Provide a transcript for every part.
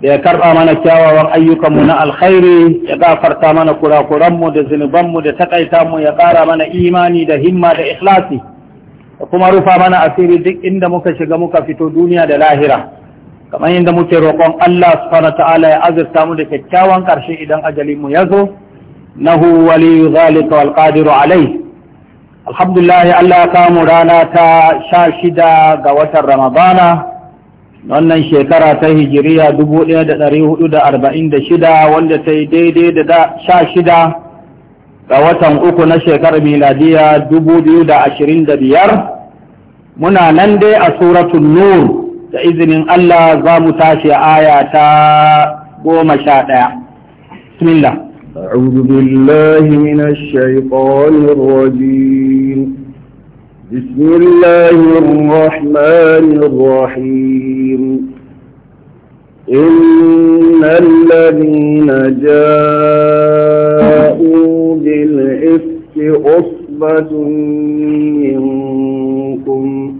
da ya karɓa mana kyawawan ayyukanmu na alkhairi ya gafarta mana kurakuranmu da zunubanmu da takaita mu ya ƙara mana imani da himma da ikhlasi da kuma rufa mana asiri duk inda muka shiga muka fito duniya da lahira kamar yadda muke roƙon Allah subhanahu ta'ala ya azurta mu da kyakkyawan ƙarshe idan ajali mu ya zo nahu wali zalika wal qadiru alai alhamdulillah Allah ya kawo rana ta sha shida ga watan ramadana wannan shekara ta hijiriya dubu ɗaya da da da ɗari arba'in shida, wanda ta yi daidai da sha shida ga watan uku na shekarar miladiya dubu biyu da da ashirin biyar, muna nan dai a suratun nur da izinin Allah za mu tashi aya ta goma sha ɗaya. Bismillah. أعوذ بالله من الشيطان الرجيم بسم الله الرحمن الرحيم إن الذين جاءوا بالإفك أصبة منكم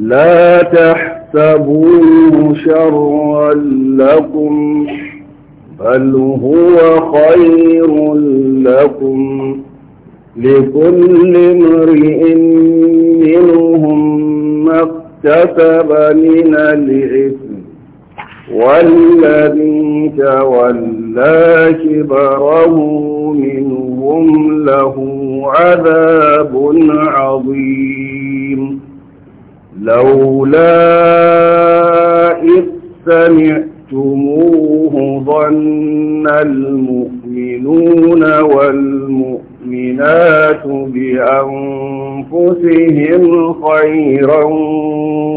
لا تحسبوه شرا لكم بل هو خير لكم لكل امرئ منهم ما اكتسب من الإثم والذي تولى كبره منهم له عذاب عظيم لولا إذ سمعتموه ظن المؤمنون والمؤمنون والمؤمنات بأنفسهم خيرا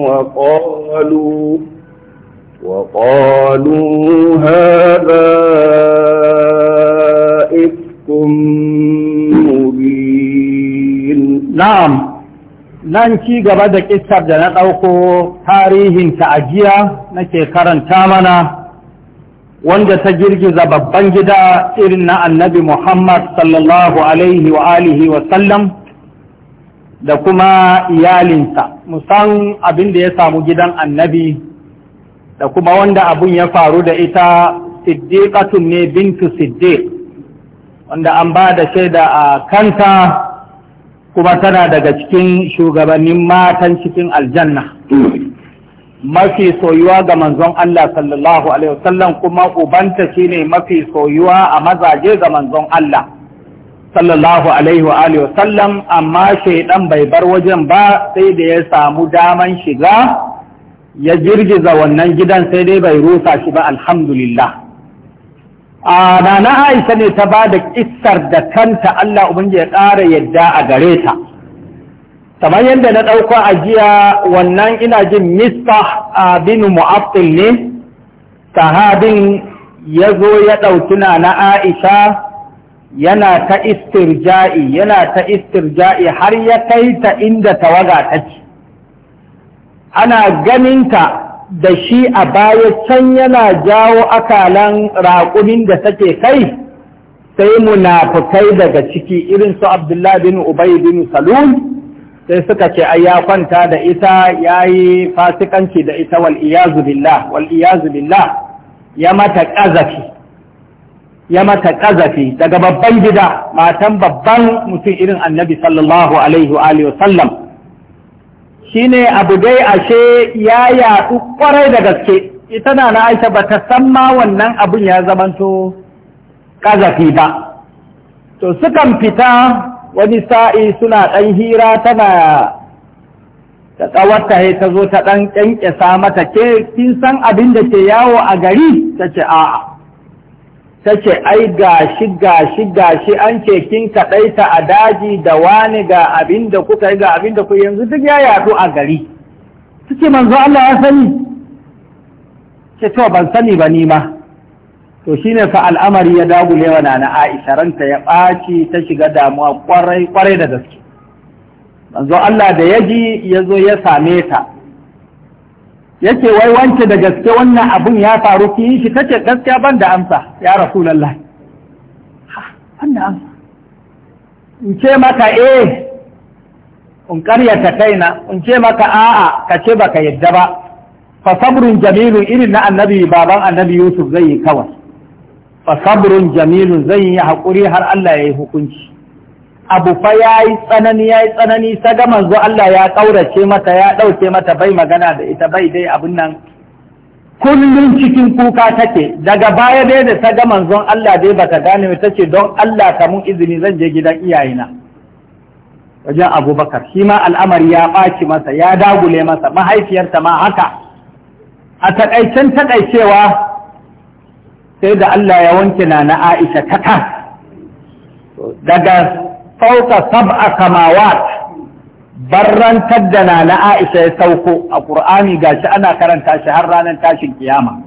وقالوا وقالوا هذا إفك مبين نعم nan ci gaba da kissar da na ɗauko tarihin jiya nake karanta mana wanda ta girgiza babban gida irin na annabi Muhammad sallallahu alaihi wa alihi wa sallam da kuma iyalinsa musan abin da ya samu gidan annabi da kuma wanda abun ya faru da ita siddiqatun ne bintu siddiq wanda an ba da shaida a kanta kuma tana daga cikin shugabannin matan cikin aljanna mafi soyuwa ga manzon Allah sallallahu alaihi wasallam kuma ubanta shine mafi soyuwa a mazaje ga manzon Allah sallallahu alaihi wa wasallam amma shaidan bai bar wajen ba sai da ya samu daman shiga ya girgiza wannan gidan sai dai bai rusa shi ba alhamdulillah a nana Aisha ne ta ba da kisar da kanta Allah ubangiji ya ƙara yadda a gare ta kamar yadda na ɗauko a jiya wannan ina jin mista abin mu'abdil ne sahabin ya zo ya ɗauki na na aisha yana ta istirja'i yana ta istirja'i har ya kai ta inda tawaga ta ce, ana ganinta da shi a baya can yana jawo akalan raƙumin da take kai sai munafukai daga ciki irin su abdullahi bin ubay bin salul sai suka ce ai ya kwanta da ita ya yi fasikanci da ita wal'iyazu billah wal'iyazu billah ya mata ƙazafi ya mata ƙazafi daga babban gida matan babban mutum irin annabi sallallahu alaihi wa sallam shine abu dai ashe ya yaɗu ƙwarai da gaske ita na na aisha ba ta san ma wannan abun ya zamanto ƙazafi ba to sukan fita wani sa'i suna ɗan hira tana ta tsawarta ya ta zo ta ɗan ƙyanƙyasa mata ke kin san abin da ke yawo a gari ta ce a'a ta ce ai gashi gashi gashi an ce kin kaɗaita a daji da wani ga abin da kuka yi ga abin da ku yanzu duk ya yaɗu a gari ta ce manzo Allah ya sani Ta ce to ban sani ba ni ma to shi ne fa al'amari ya dagule wa na Aisha ranta ya ɓaci ta shiga damuwa kwarai kwarai da gaske manzo Allah da yaji ya zo ya same ta yake wai wance da gaske wannan abun ya faru ki shi tace gaskiya ban da amsa ya rasulullah ban da amsa in ce maka eh in karyata kaina in ce maka a'a ka ce baka yadda ba fa sabrun jamilu irin na annabi baban annabi Yusuf zai yi kawai fa sabrun jamilun zan yi hakuri har Allah ya yi hukunci abu fa ya yi tsanani ya yi tsanani ta ga manzo Allah ya ƙaurace mata ya ɗauke mata bai magana da ita bai dai abin nan kullum cikin kuka take daga baya dai da ta ga manzon Allah dai bata gane ta ce don Allah ta mun izini zan je gidan iyayena wajen abubakar shi ma al'amari ya ɓaci masa ya dagule masa mahaifiyarta ma haka a taƙaicen taƙaicewa sai da Allah ya wanke na na Aisha kata daga fauka sab'a samawat barrantar da na na Aisha ya sauko a Qur'ani gashi ana karanta shi har ranar tashin kiyama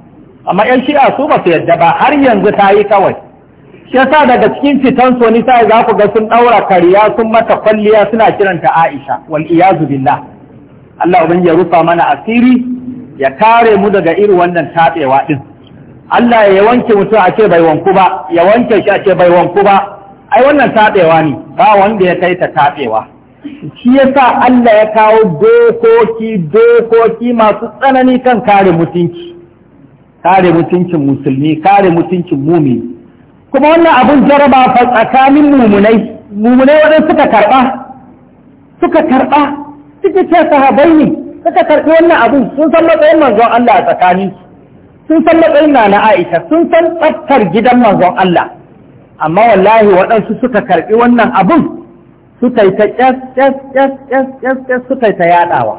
amma yan shi'a su ba su yadda ba har yanzu ta yi kawai shi yasa daga cikin fitan so ni sai za ku ga sun daura kariya sun mata kwalliya suna kiranta Aisha wal iyazu billah Allah ubangiji ya rufa mana asiri ya kare mu daga irin wannan tatsewa din Allah ya wanke mutum a ce bai wanku ba ya wanke shi a ce bai wanku ba ai wannan taɓewa ne ba wanda ya kai ta taɓewa shi ya sa Allah ya kawo dokoki dokoki masu tsanani kan kare mutunci kare mutuncin musulmi kare mutuncin mumi kuma wannan abin jaraba fa tsakanin mumunai mumunai wadanda suka karɓa suka karɓa suka ce sahabai ne suka karɓi wannan abin sun san matsayin manzon Allah a tsakaninsu sun san matsayin na na Aisha sun san tsaftar gidan manzon Allah amma wallahi waɗansu suka karɓi wannan abun suka yi ta ƙyas suka yi ta yaɗawa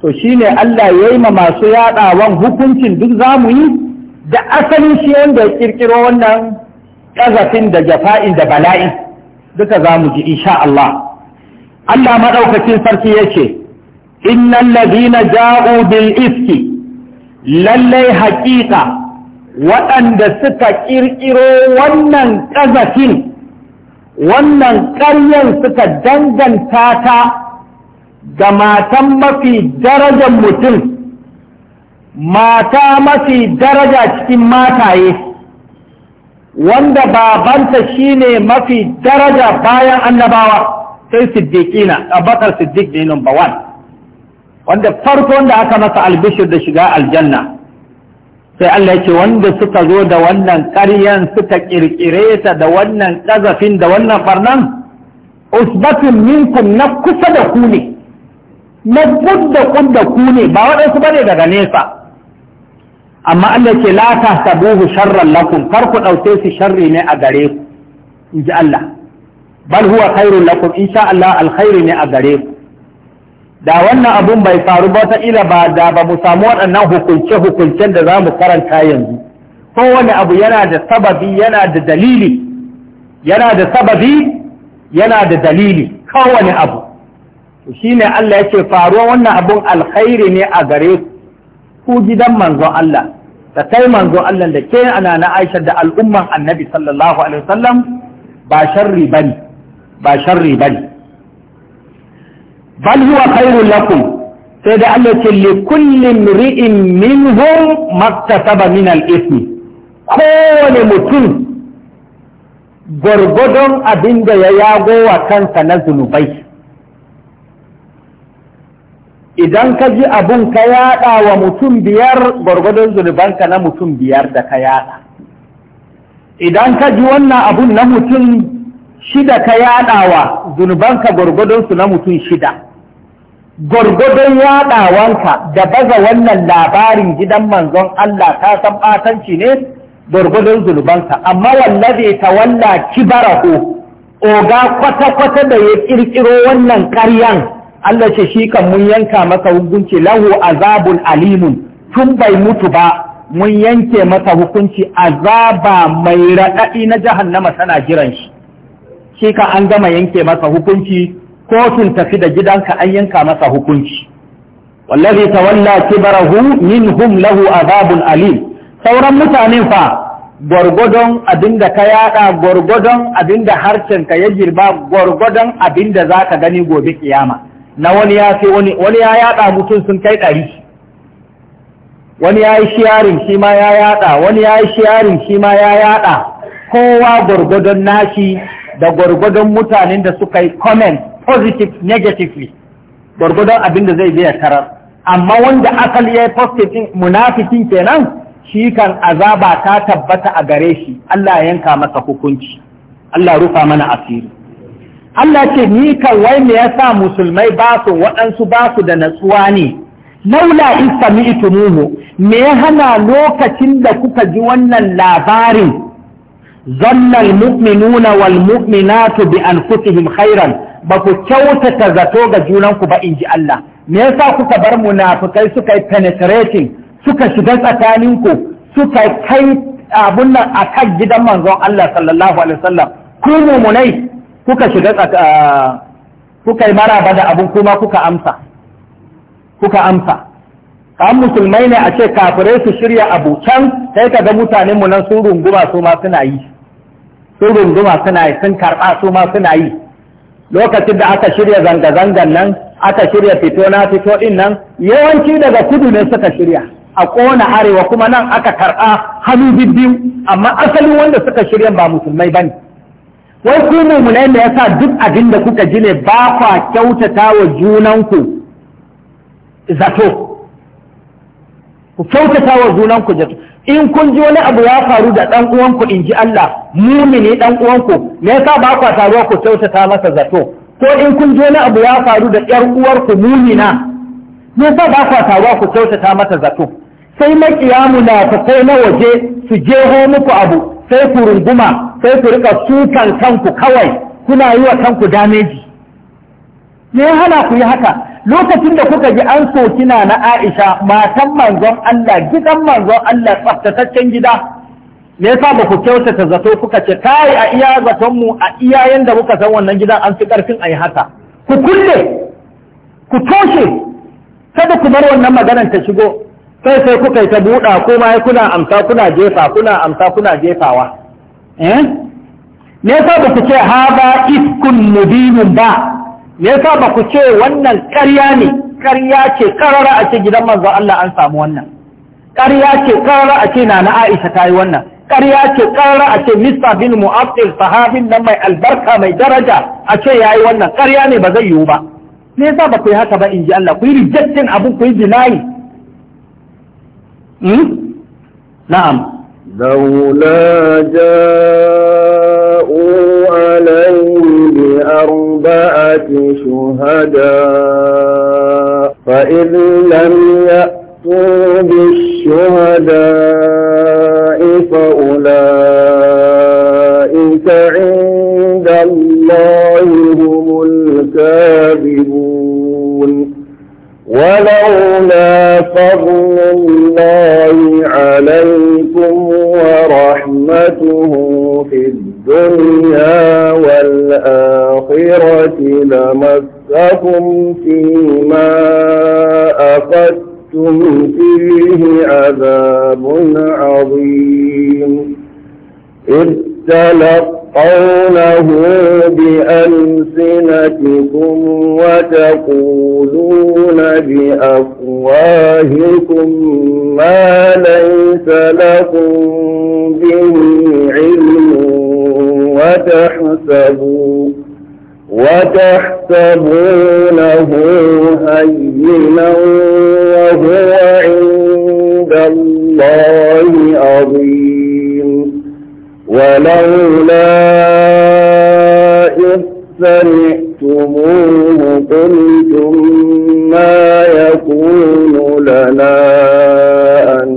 to ne Allah ya yi ma masu yaɗawan hukuncin duk za mu yi da asalin shi yadda ya ƙirƙiro wannan ƙazafin da jafa'in da bala'in duka za mu ji insha Allah Allah maɗaukacin sarki ya ce innal ladina ja'u bil iski lallai haƙiƙa waɗanda suka ƙirƙiro wannan ƙazafin wannan ƙaryan suka danganta ta ga matan mafi darajar mutum mata mafi daraja cikin mataye wanda babanta shine mafi daraja bayan annabawa sai siddiƙina a siddiq ne number one wanda farko wanda aka masa albishir da shiga aljanna sai Allah yake wanda suka zo da wannan ƙaryan suka ƙirƙire ta da wannan ƙazafin da wannan farnan usbatun minkum na kusa da ku ne na kudda da ku ne ba waɗansu bane daga nesa amma Allah yake la sabuhu sharran lakum kar ku ɗauke su sharri ne a gare ku in ji Allah bal huwa khairun lakum insha Allah alkhairi ne a gare ku da wannan abun bai faru ba ta ila ba da ba mu samu waɗannan hukunce-hukuncen da za mu karanta yanzu kowane abu yana da sababi yana da dalili yana da sababi yana da dalili kowane abu shi ne Allah ya ce faruwa wannan abun alkhairi ne a gare ku gidan manzon Allah da kai manzon Allah da ke ana na Aisha da al'umman annabi sallallahu alaihi wasallam ba sharri bane ba sharri bane bal huwa khairul lakum sai da Allah ce li kulli ri'in minhum maktasaba min al-ithmi kowane mutum gwargwadon abinda ya yago wa kansa na zunubai idan ka ji abun ka yada wa mutum biyar gwargwadon zunubanka na mutum biyar da ka yada idan ka ji wannan abun na mutum shida ka yaɗawa zunubanka gwargwadonsu na mutum shida gwargwadon yaɗawanka da baza wannan labarin gidan manzon Allah ta san ɓatanci ne gwargwadon zunubanka amma wallabe ta walla barako? oga kwata-kwata da ya ƙirƙiro wannan ƙaryan Allah ce shi kan mun yanka masa hukunci lahu azabun alimun tun bai mutu ba mun yanke masa hukunci azaba mai raɗaɗi na jahannama tana jiran shi shi ka an gama yanke masa hukunci kotun tafi da gidanka an yanka masa hukunci wallazi tawalla kibarahu minhum lahu azabun alim sauran mutanen fa gwargwadon abinda ka yada gwargwadon abinda harshen ka ya girba gwargwadon abinda zaka gani gobe kiyama na wani ya fi wani wani ya yada mutum sun kai ɗari wani ya yi shiyarin shi ma ya yada wani ya yi shiyarin shi ma ya yada kowa gwargwadon nashi da gwargwadon mutanen da suka yi comment positive negatively gwargwadon abin da zai biya tarar amma wanda asali ya yi positive munafikin kenan shi kan azaba ta tabbata a gare shi Allah yanka masa hukunci Allah rufa mana asiri Allah ce ni kan wai me yasa musulmai ba su waɗansu ba su da natsuwa ne laula in sami'tumuhu me ya hana lokacin da kuka ji wannan labarin zannal mu'minuna wal mu'minatu bi anfusihim khairan ba ku kyautata zato ga junanku ba in ji Allah me yasa kuka bar munafikai suka yi penetrating suka shiga tsakaninku suka kai abun nan a kan gidan manzon Allah sallallahu alaihi wasallam ku kuka shiga da abun kuma kuka amsa kan musulmai ne a ce kafirai su shirya abu can sai ka ga mutanen mu nan sun runguma su ma suna yi su runduma suna yi sun karɓa su ma suna yi lokacin da aka shirya zanga-zangan nan aka shirya fito na fito ɗin nan yawanci daga kudu ne suka shirya a ƙona arewa kuma nan aka karɓa hannu biyu amma asalin wanda suka shirya ba musulmai ba ne wai ku mummunai me yasa duk abin da kuka ji ne ba kwa kyautata wa junanku zato ku kyautata wa junanku zato in kun ji wani abu ya faru da ɗan uwanku in ji Allah mumini ɗan uwanku me yasa ba ku taruwa ku kyautata masa zato ko in kun ji wani abu ya faru da 'yar uwarku mumina me yasa ba ku taruwa ku kyautata masa zato sai makiya munafikai na waje su jeho muku abu sai ku runguma sai ku rika sukan kanku kawai kuna yi wa kanku dameji me ya hana ku yi haka lokacin da kuka ji an kina na Aisha matan manzon Allah gidan manzon Allah tsaftataccen gida me yasa ba ku kyautata zato kuka ce kai a iya zaton mu a iyayen da kuka san wannan gidan an fi karfin ayi haka ku kulle ku toshe kada ku bar wannan maganar ta shigo sai sai kuka yi ta buɗa ko ma kuna amsa kuna jefa kuna amsa kuna jefawa eh me yasa ba ku ce haba iskun mubinun ba me yasa ba ku ce wannan ƙarya ne ƙarya ce karara a ce gidan manzon Allah an samu wannan ƙarya ce karara a ce na na Aisha ta yi wannan ƙarya ce karara a ce Mista bin Mu'affil sahabin nan mai albarka mai daraja a ce yayi wannan ƙarya ne ba zai yiwu ba me yasa ba ku yi haka ba inji ji Allah ku yi rejecting abin ku yi deny hmm? na'am ja'u مئة شهداء فإذ لم يأتوا بالشهداء فأولئك عند الله هم الكاذبون ولولا فضل الله عليكم ورحمته في الدنيا الدنيا والآخرة لمسكم فيما أخذتم فيه عذاب عظيم إذ تلقونه بألسنتكم وتقولون بأفواهكم ما ليس لكم به علم وتحسبوا وتحسبونه هينا وهو عند الله عظيم ولولا إذ سمعتموه قلتم ما يكون لنا أن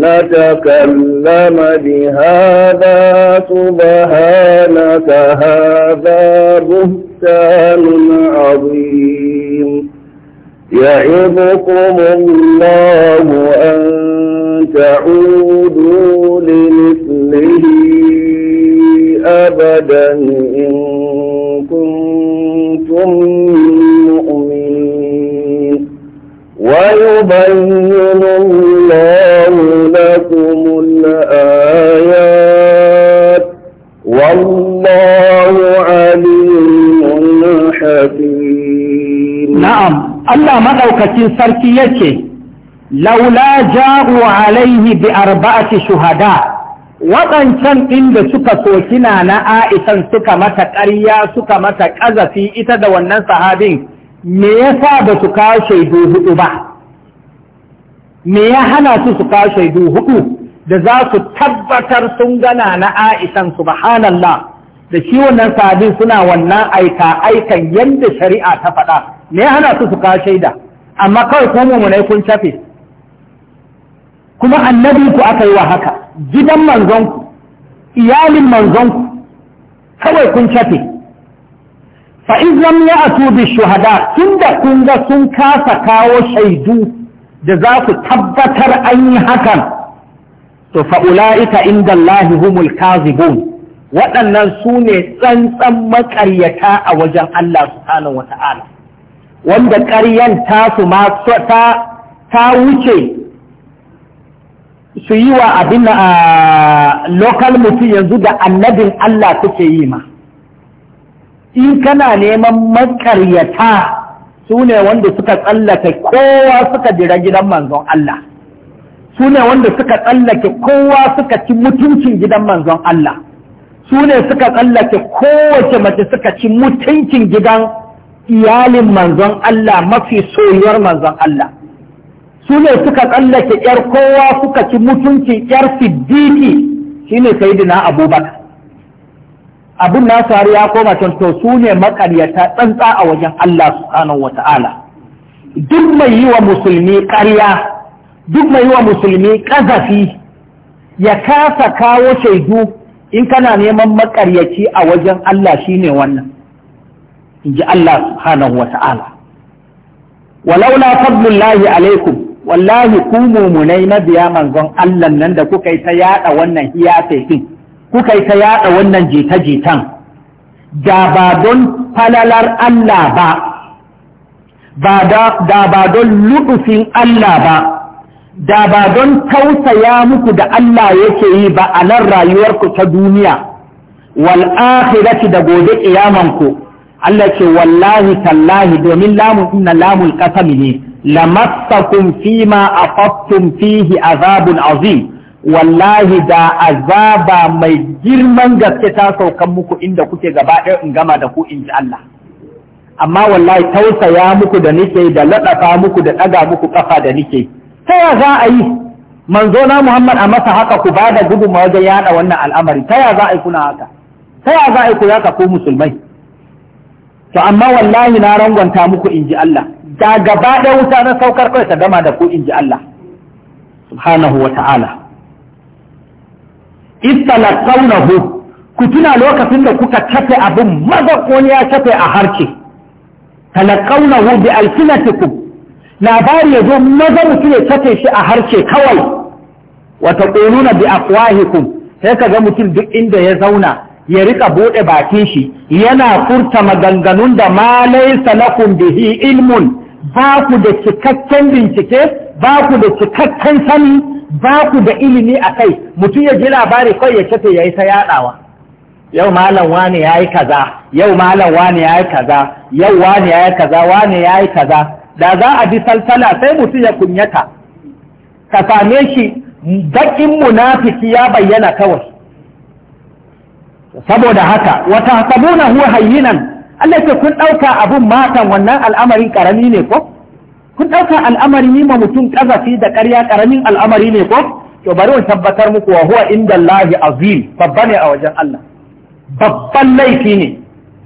نتكلم بهذا سبحانك هذا بهتان عظيم يعظكم الله أن تعودوا لمثله أبدا إن كنتم مؤمنين ويبين الله لكم na'am Allah maɗaukacin sarki yake laula ja'u alaihi bi arba'ati shuhada waɗancan inda suka sokina na Aishan suka mata ƙarya suka mata ƙazafi ita da wannan sahabin me yasa ba su kawo shaidu hudu ba me ya hana su su kawo shaidu hudu da za su tabbatar sun gana na Aishan subhanallah da shi wannan sahabin suna wannan aika aikan yadda shari'a ta faɗa me ya hana su su kawo shaida amma kawai ko ne kun cafe kuma annabi ku aka yi wa haka gidan manzonku iyalin manzonku kawai kun cafe fa izlam ya atu bi shuhada tunda kun ga sun kasa kawo shaidu da za ku tabbatar an yi hakan to fa ulaika inda Allah humul kazibun waɗannan su ne tsantsan maƙaryata a wajen Allah subhanahu wa ta'ala wanda ƙaryan su ma ta wuce su yi wa abin a lokal mutum yanzu da annabin Allah suke yi ma in kana neman makaryata su ne wanda suka tsallake kowa suka jira gidan manzon Allah su ne wanda suka tsallake kowa suka ci mutuncin gidan manzon Allah su ne suka tsallake kowace mace suka ci mutuncin gidan iyalin manzon Allah mafi soyuwar manzon Allah su ne suka tsallake ‘yar kowa suka ci mutuncin ‘yar siddiki shi ne dina abubakar abin na faru ya koma can to su ne makaryata tsantsa a wajen Allah subhanahu wa ta'ala duk mai yi wa musulmi ƙarya duk mai yi wa musulmi ƙazafi ya kasa kawo shaidu in kana neman makaryaci a wajen Allah shine wannan in ji Allah subhanahu wata'ala walaula fadlullahi alaikum wallahi ku mumunai mabiya manzon Allah nan da kuka yi ta yada wannan hiyafe din kuka yi ta yada wannan jita-jitan da ba don falalar Allah ba da ba don luɗufin Allah ba da ba don tausaya muku da Allah yake yi ba a nan rayuwarku ta duniya wal akhirati da gobe kiyamanku Allah ce wallahi tallahi domin lamu inna lamul qasami ne lamassakum fima afattum fihi azabun azim wallahi da azaba mai girman gaske ta saukan muku inda kuke gaba ɗaya in gama da ku in ji Allah amma wallahi tausaya muku da nike da laɗafa muku da ɗaga muku ƙafa da nike ta ya za a yi manzo na Muhammad a masa haka ku ba da gudun wajen yada wannan al'amari ta ya za a yi kuna haka ta ya za a yi ku yaka ko musulmai to amma wallahi na rangwanta muku inji Allah da gaba ɗaya wuta na saukar kai ta gama da ku inji Allah subhanahu wa ta'ala hu, ku tuna lokacin da kuka tafe abin maza wani ya tafe a harce hu bi alsinatikum labari ya zo maza mutum ya tafe shi a harshe kawai wata ƙonuna bi afwahikum sai ka ga mutum duk inda ya zauna ya rika buɗe bakin shi yana furta maganganun da ma laisa lakum bihi ilmun ba ku da cikakken bincike ba ku da cikakken sani ba ku da ilimi a kai mutum ya ji labari kawai ya tafe ya yi ta yaɗawa yau malam wani ya yi kaza yau malam wani ya yi kaza yau wani ya yi kaza wani ya yi kaza da za a bi salsala sai mutum ya kunyata ka same shi baƙin munafiki ya bayyana kawai saboda haka wata sabuna huwa hayyinan Allah ce kun ɗauka abun matan wannan al'amarin ƙarami ne ko kun ɗauka al'amarin yi ma mutum ƙazafi da ƙarya ƙaramin al'amari ne ko to bari tabbatar muku wa huwa inda Allah azim babba ne a wajen Allah babban laifi ne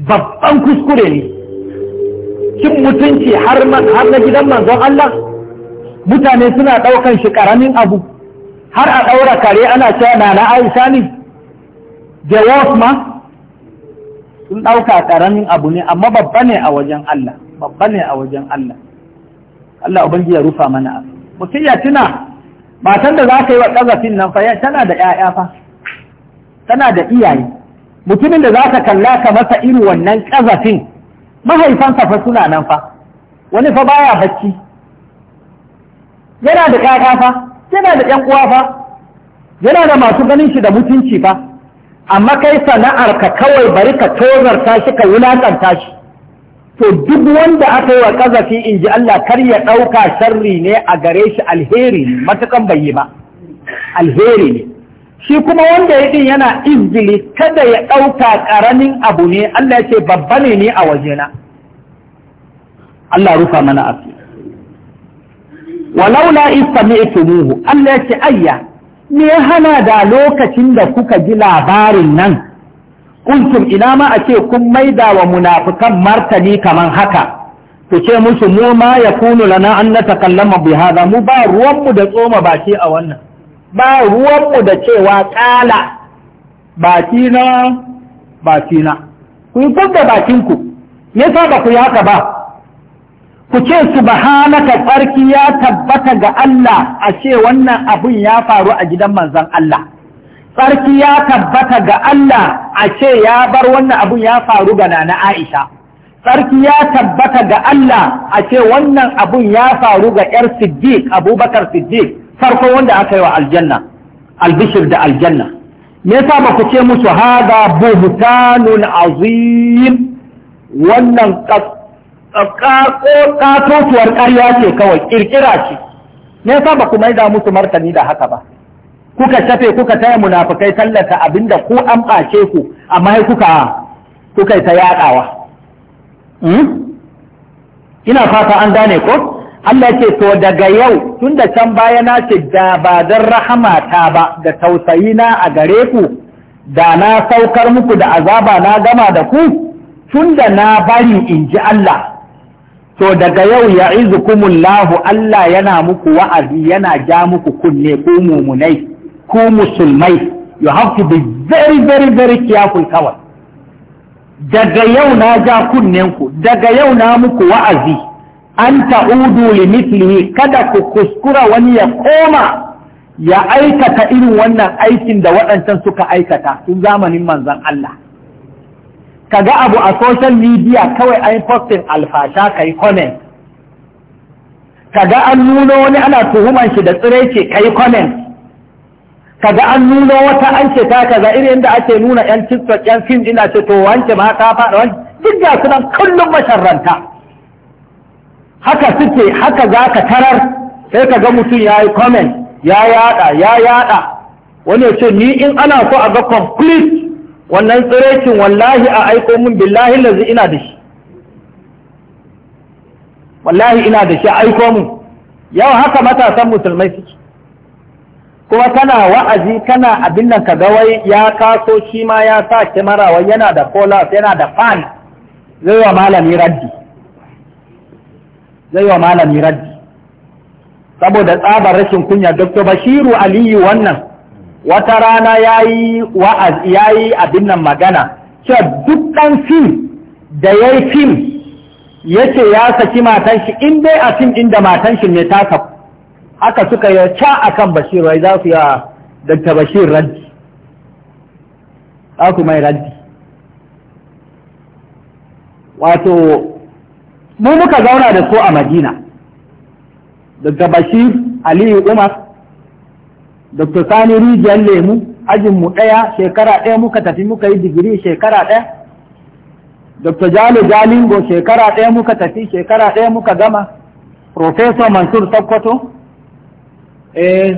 babban kuskure ne cin mutunci har na gidan manzon Allah mutane suna ɗaukan shi ƙaramin abu har a ɗaura kare ana cewa na na aisha ne jawab ma sun ɗauka ƙaramin abu ne amma babba ne a wajen Allah babba ne a wajen Allah Allah ubangiji ya rufa mana abu mutum ya tuna matan da za ka yi wa ƙazafin nan fa tana da ‘ya'ya fa tana da iyaye mutumin da za ka kalla ka masa irin wannan ƙazafin mahaifansa fa suna nan fa wani fa baya bacci yana da ƴaƴa fa yana da ƴan uwa fa yana da masu ganin shi da mutunci fa amma kai sana'ar ka kawai bari ka tozarta shi ka wulakanta shi to duk wanda aka yi wa kazafi in ji Allah kar ya ɗauka sharri ne a gare shi alheri ne matukan bai yi ba alheri ne shi kuma wanda ya din yana izili kada ya ɗauka ƙaramin abu ne Allah ya ce babba ne ni a wajena Allah rufa mana asu walaula nuhu. Allah ya ce ayya me ya hana da lokacin da kuka ji labarin nan kuntum ina ma a ce kun maida wa munafukan martani kaman haka ku ce musu mu ma kunu lana an takallama bi hada mu ba ruwanmu da tsoma baki a wannan ba ruwanmu da cewa ƙala baki na baki na ku yi da bakinku ya sa ba ku yaka ba ku ce subhanaka tsarki ya tabbata ga Allah a ce wannan abun ya faru a gidan manzan Allah tsarki ya tabbata ga Allah a ce ya bar wannan abun ya faru ga nana Aisha tsarki ya tabbata ga Allah a ce wannan abun ya faru ga 'yar Siddiq Abubakar Siddiq farko wanda aka yi wa aljanna albishir da aljanna me yasa ba ku ce musu hada buhtanun azim wannan katotuwar ƙarya ce kawai ƙirƙira ce me yasa ba ku da musu martani da haka ba kuka tafe kuka taya munafukai tallata abinda ku an ɓace ku amma kuka kuka ta yaɗawa hmm? ina fata an gane ko Allah ce to daga yau tun da can baya na ce da ba don rahama ta ba da tausayi na a gare ku da na saukar muku da azaba na gama da ku tun da na bari in ji Allah to daga yau ya izukumullahu Allah yana muku wa'azi yana ja muku kunne ku mumunai ku musulmai you have to be very very very careful kawai daga yau na ja kunnenku, daga yau na muku wa'azi an ta'udu li mithlihi kada ku kuskura wani ya koma ya aikata irin wannan aikin da waɗancan suka aikata tun zamanin manzon Allah kaga abu a social media kawai an posting alfasha kai comment kaga an nuna wani ana tuhuman shi da tsire ce kai comment kaga an nuna wata an ce ta kaza irin da ake nuna yan tiktok yan film ina ce to wance ma ta faɗa wani duk ga su kullum masharranta haka suke haka za ka tarar sai ka ga mutum ya yi comment ya yada ya yada wani ya ce ni in ana so a ga complete wannan tsirecin wallahi a aiko min billahi lazi ina da shi wallahi ina da shi a aiko min yau haka matasan musulmai suke kuma tana wa'azi kana abin nan ka gawai ya kaso shi ma ya sa kimara yana da kola yana da fan zai wa malami raddi zai wa malami raddi saboda tsabar rashin kunya dr bashiru aliyu wannan wata rana ya yi yayi abin nan magana cewa duk ɗan fim da ya yi fim ya ce ya saki matan shi in dai a fim inda matan shi ne taka haka suka yi ca a kan Bashiru. wai za su yi wa dr bashir raddi za su mai raddi wato mu muka zauna da su a madina daga bashir aliyu umar dr sani rijiyar lemu ajinmu ɗaya shekara ɗaya muka tafi muka yi digiri shekara ɗaya dr jalo jalingo shekara ɗaya muka tafi shekara ɗaya muka gama Profesor mansur sakkwato eh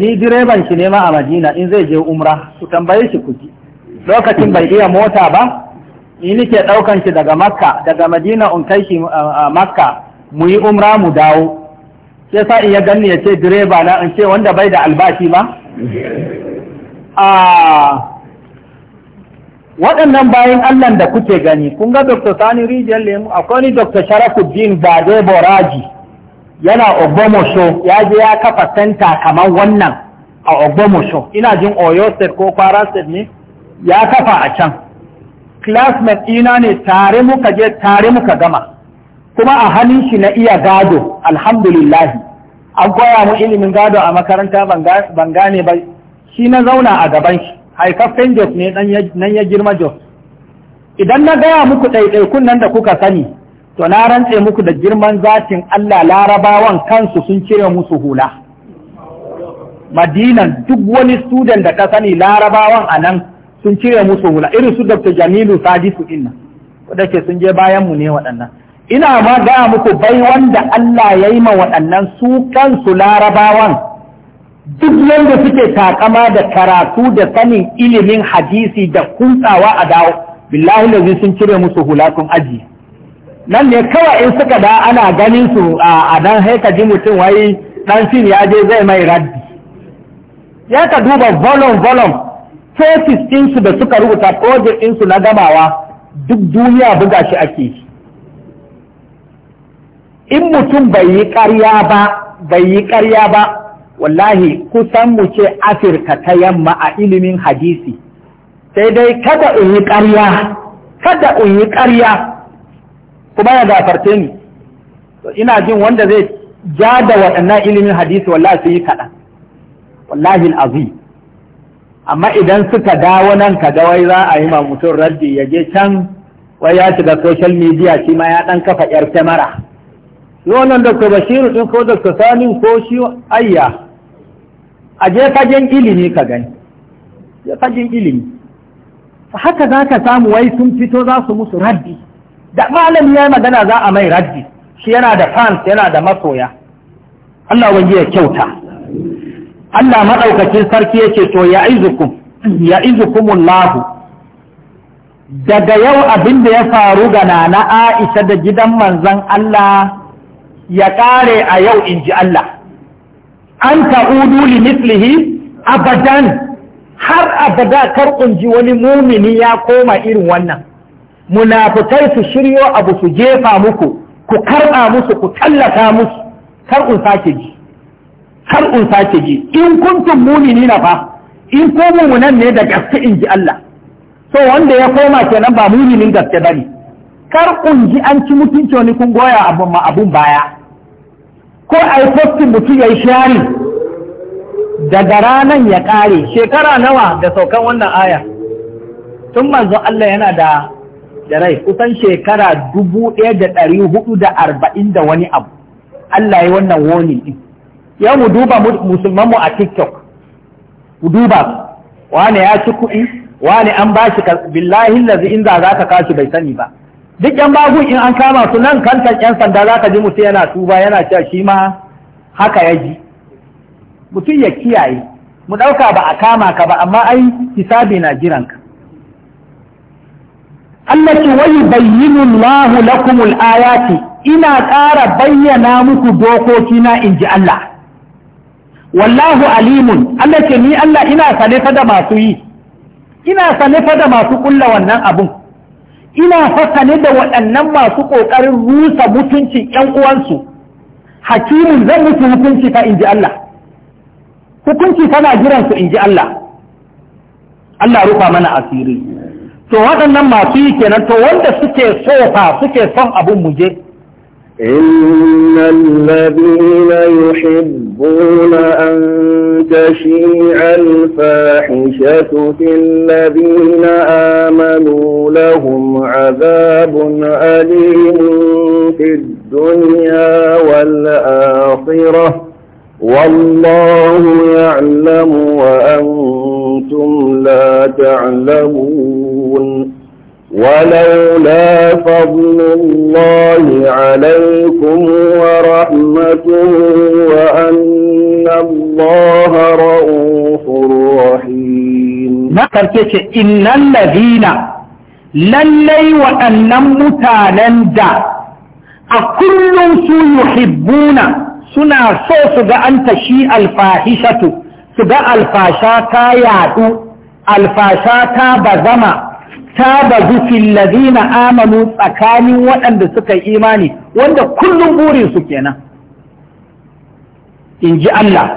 ni direban shi ne ma a madina in zai je umra ku tambaye shi kuji lokacin bai iya mota ba ni nake ɗaukan shi daga makka daga madina un kai shi makka mu yi umra mu dawo sai sa in ya ganni ya ce direba na in ce wanda bai da albashi ba a waɗannan bayan allah da kuke gani kun ga dr sani rijiyar lemu akwai ni dr sharafuddin bade boraji yana ogbomosho ya je ya kafa senta kamar wannan a ogbomosho ina jin oyo state ko kwara state ne ya kafa a can classmate ina ne tare muka je tare muka gama kuma a hannun shi na iya gado alhamdulillah an koya mu ilimin gado a makaranta ban gane ba shi na zauna a gaban shi haifaffen jos ne nan ya girma jos idan na gaya muku ɗaiɗaikun nan da kuka sani to na rantse muku da girman zatin Allah larabawan kansu sun cire musu hula madinan duk wani student da ka sani larabawan a nan sun cire musu hula irin su Dr. Jamilu Sadisu inna wanda ke sun je bayan mu ne waɗannan ina ma ga muku bai wanda Allah ya yi ma waɗannan su kansu larabawan duk yadda suke takama da karatu da sanin ilimin hadisi da kuntsawa a dawo billahi lazi sun cire musu hula sun aji. nan ne kawai in suka da ana ganin su a dan haika ji mutum wai dan fim ya je zai mai raddi ya ka duba volume volume thesis ɗinsu da suka rubuta project ɗinsu na gamawa duk duniya buga shi ake in mutum bai yi karya ba bai yi ƙarya ba wallahi kusan mu ce afirka ta yamma a ilimin hadisi sai dai kada in yi ƙarya kada in yi ƙarya kuma ya gafarte ni ina jin wanda zai ja da waɗannan ilimin hadisi wallahi sai yi kaɗan wallahi azim amma idan suka dawo nan ka ga wai za a yi ma mutum raddi ya je can wai ya shiga social media shi ma ya dan kafa yar kyamara wannan dr bashiru din ko da salim ko shi ayya a je fagen ilimi ka gani je fagen ilimi haka za ka samu wai sun fito za su musu raddi da malami ya yi magana za a mai raddi shi yana da fans yana da masoya Allah wani ya kyauta Allah maɗaukacin sarki yake to ya izukum ya izukumullahu daga yau abin da ya faru ga nana Aisha da gidan manzon Allah ya ƙare a yau in ji Allah an ta'udu li mislihi abadan har abada kar ji wani mumini ya koma irin wannan munafikai su shiryo abu su jefa muku ku karɓa musu ku tallata musu kar in sake ji har in sake ji in kuntum na fa in ko mu'minan ne da gaske in ji Allah so wanda ya koma kenan ba mu'minin gaske bane kar kun ji an ci mutunci wani kun goya abun ma abun baya ko ai postin mutum yayi shari daga ranan ya kare shekara nawa da saukan wannan aya tun manzo Allah yana da da rai kusan shekara dubu ɗaya da ɗari hudu da arba'in da wani abu Allah ya wannan warning din yau mu duba musulman mu a tiktok mu duba wane ya ci kuɗi wane an ba shi billahi lazi inda za ka kashi bai sani ba duk yan bagun in an kama su nan kantan yan sanda za ka ji mutum yana tuba yana cewa shi ma haka ya ji mutum ya kiyaye mu ɗauka ba a kama ka ba amma ai hisabi na jiranka Allah ce wai bayyinu Allahu lakumul ayati ina ƙara bayyana muku dokoki na in Allah wallahu alimun Allah ce ni Allah ina sane fa da masu yi ina sane fa da masu kulla wannan abun ina fa sane da waɗannan masu ƙoƙarin rusa mutuncin ƴan uwansu hakimin zan mutu hukunci fa inji Allah hukunci tana jiran su inji Allah Allah rufa mana asiri to waɗannan masu yi kenan to wanda suke sofa suke son abun muje إن الذين yace innal ladina lallai waɗannan mutanen da a kullum su yuhibbuna suna so su ga an tashi alfahishatu su ga alfasha ta yaɗu, alfasha ta bazama ta bazu filladina amanu tsakanin waɗanda suka yi imani wanda kullum burinsu kenan in ji Allah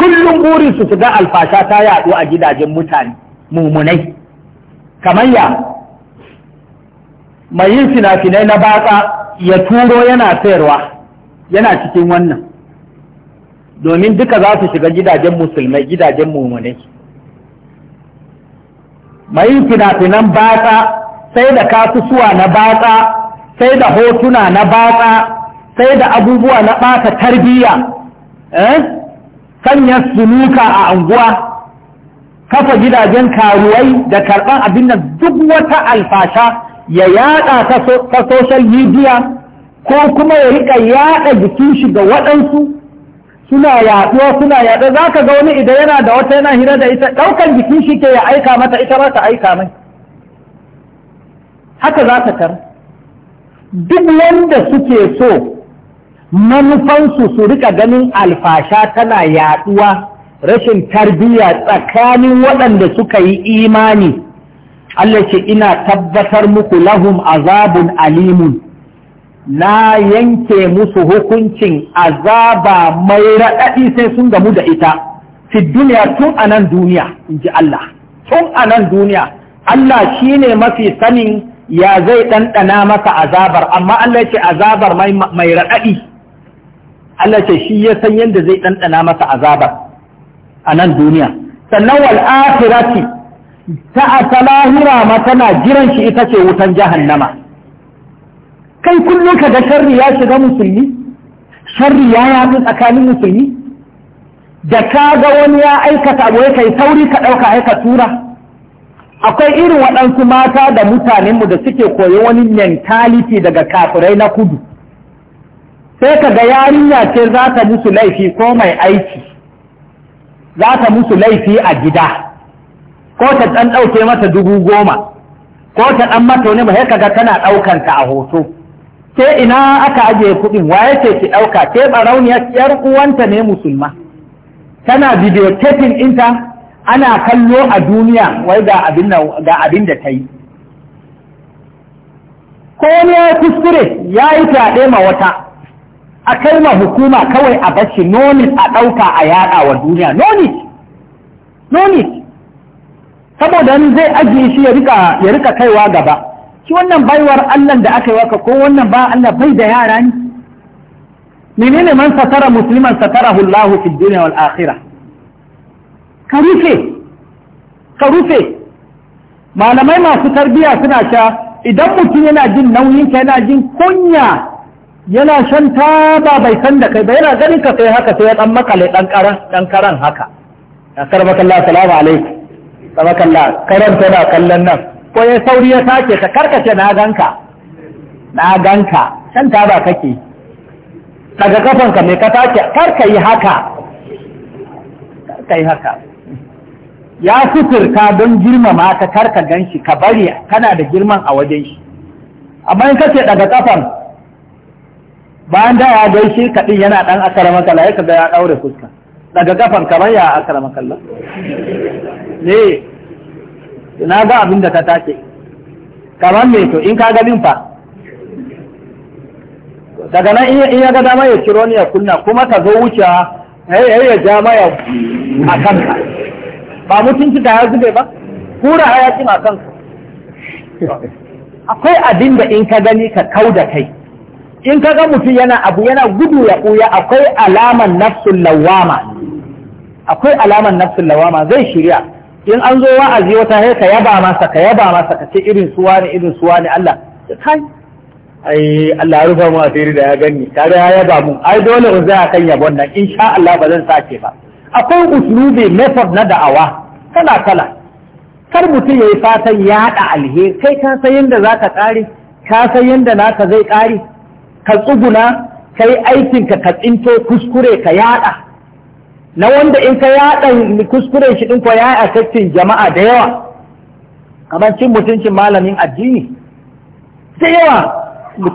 kullum burinsu su ga alfasha ta yaɗu a gidajen mutane mumunai kamar ya mai yin fina-finai na batsa ya turo yana sayarwa yana cikin wannan domin duka za su shiga gidajen musulmai gidajen mumunai mai yin fina-finan batsa sai da kasusuwa na batsa sai da hotuna na batsa sai da abubuwa na ɓata tarbiyya eh? sanya sunuka a anguwa kafa gidajen karuwai da karɓar abin nan duk wata alfasha ya yada ta social media ko kuma ya rika yada jikin shi ga waɗansu suna yaɗuwa suna yaɗa za ka ga wani idan yana da wata yana hira da ita ɗaukan jikin shi ke ya aika mata ita ba ta aika mai haka za ta tar duk wanda suke so manufansu su rika ganin alfasha tana yaɗuwa rashin tarbiyya tsakanin waɗanda suka yi imani Allah ce ina tabbatar muku lahum azabun alimun na yanke musu hukuncin azaba mai raɗaɗi sai sun gamu da ita fi duniya tun a nan duniya in ji Allah tun a nan duniya Allah shi ne mafi sanin ya zai ɗanɗana masa azabar amma Allah ce azabar mai raɗaɗi Allah ce shi ya san yadda zai ɗanɗana masa azabar a nan duniya sannan wal akhirati ta ta lahira ma tana jiran shi ita ce wutan jahannama kai kullum ka ga sharri ya shiga musulmi sharri ya yi tsakanin musulmi da ka ga wani ya aikata abu kai sauri ka ɗauka aika tura akwai irin waɗansu mata da mutanenmu da suke koyi wani mentality daga kafirai na kudu sai ka ga yarinya ce za ta musu laifi ko mai aiki za ta musu laifi a gida ko ta ɗan ɗauke mata dubu goma ko ta ɗan mata wani ba kaga tana ɗaukanta a hoto ke ina aka ajiye kuɗin waye ce ki ɗauka ke barauniya yar uwanta ne musulma tana video tefin ɗinta ana kallo a duniya wai ga abin da ta yi ko ne kuskure ya yi fyaɗe ma wata a kai ma hukuma kawai a bashi nonis a ɗauka a yaɗa wa duniya nonis nonis saboda ni zai ajiye shi ya rika kaiwa gaba shi wannan baiwar Allah da aka yi waka ko wannan ba Allah bai da yara ne menene man satara musliman satara Allah fi duniya wal akhira ka rufe ka rufe malamai masu tarbiyya suna sha idan mutum yana jin nauyin yana jin kunya yana shan taba bai san da kai ba yana ganin ka sai haka sai ya dan makale dan karan dan karan haka akarbakallah salamu alaikum sabakalla karan tana kallon nan ko ya sauri ya sake ka karkace na ganka na ganka shan taba kake daga kafan ka mai ka take karkai yi haka karkai yi haka ya ka don girmama ka karka ganshi ka bari kana da girman a wajen shi amma in kace daga kafan bayan da ya gaishe shi kadin yana dan akara makalla, ya kaga ya daure fuska daga gafan kamar ya akrama makalla? ne na ga abin da ka take kamar me to in ka ga din fa daga nan in ya ga dama ya kiro ni ya kunna kuma ka zo wuce ai eh, eh, ya ja ya akan kanka ba mutunci ta ya zube ba kura hayaki ma kanka akwai abin da in ka gani ka kauda kai in ka ga mutum yana abu yana gudu ya ɓuya akwai alaman nafsun lawama akwai alaman nafsun lawama zai shirya in an zo wa'azi wata hai ka yaba masa ka yaba masa ka ce irin suwa ne irin suwa ne Allah kai ai Allah ya rufa mu asiri da ya gani Kare ya yaba mu ai dole in zai akan yabon nan insha Allah ba zan sace ba akwai uslubi method na da'awa kala kala kar mutum yayi fatan ya alheri kai ka san yanda zaka kare ka san yanda naka zai kare ka tsuguna ka yi aikinka ka tsinto kuskure ka yada na wanda in ka yada kuskure shi ɗin ko ya affecting jama'a da yawa kamar cin mutuncin malamin addini ta yawa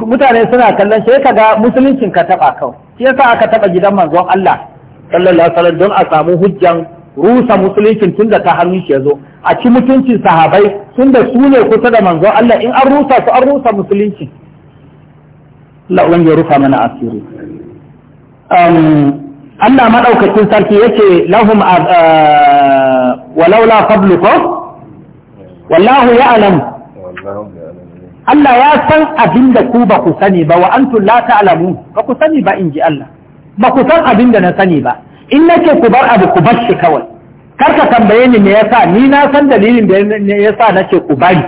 mutane suna kallon shi ka ga musuluncin ka taba kau. shi yasa aka taba gidan manzon Allah sallallahu alaihi wasallam don a samu hujjan rusa musuluncin tun da ta hannun shi yazo a ci mutuncin sahabai da su ne kusa da manzon Allah in an rusa su an rusa musuluncin Allah ya rufa mana asiri Allah madaukakin sarki yace lahum a uh, walaula fadlukum wallahu ya'lam Allah ya san abin da ku ba ku sani ba wa antum la ta'lamu ba ku sani ba in ji Allah ba ku san abin da na sani ba in nake ku bar abu ku bar shi kawai kar ka tambaye ni me yasa ni na san dalilin da yasa nake ku bari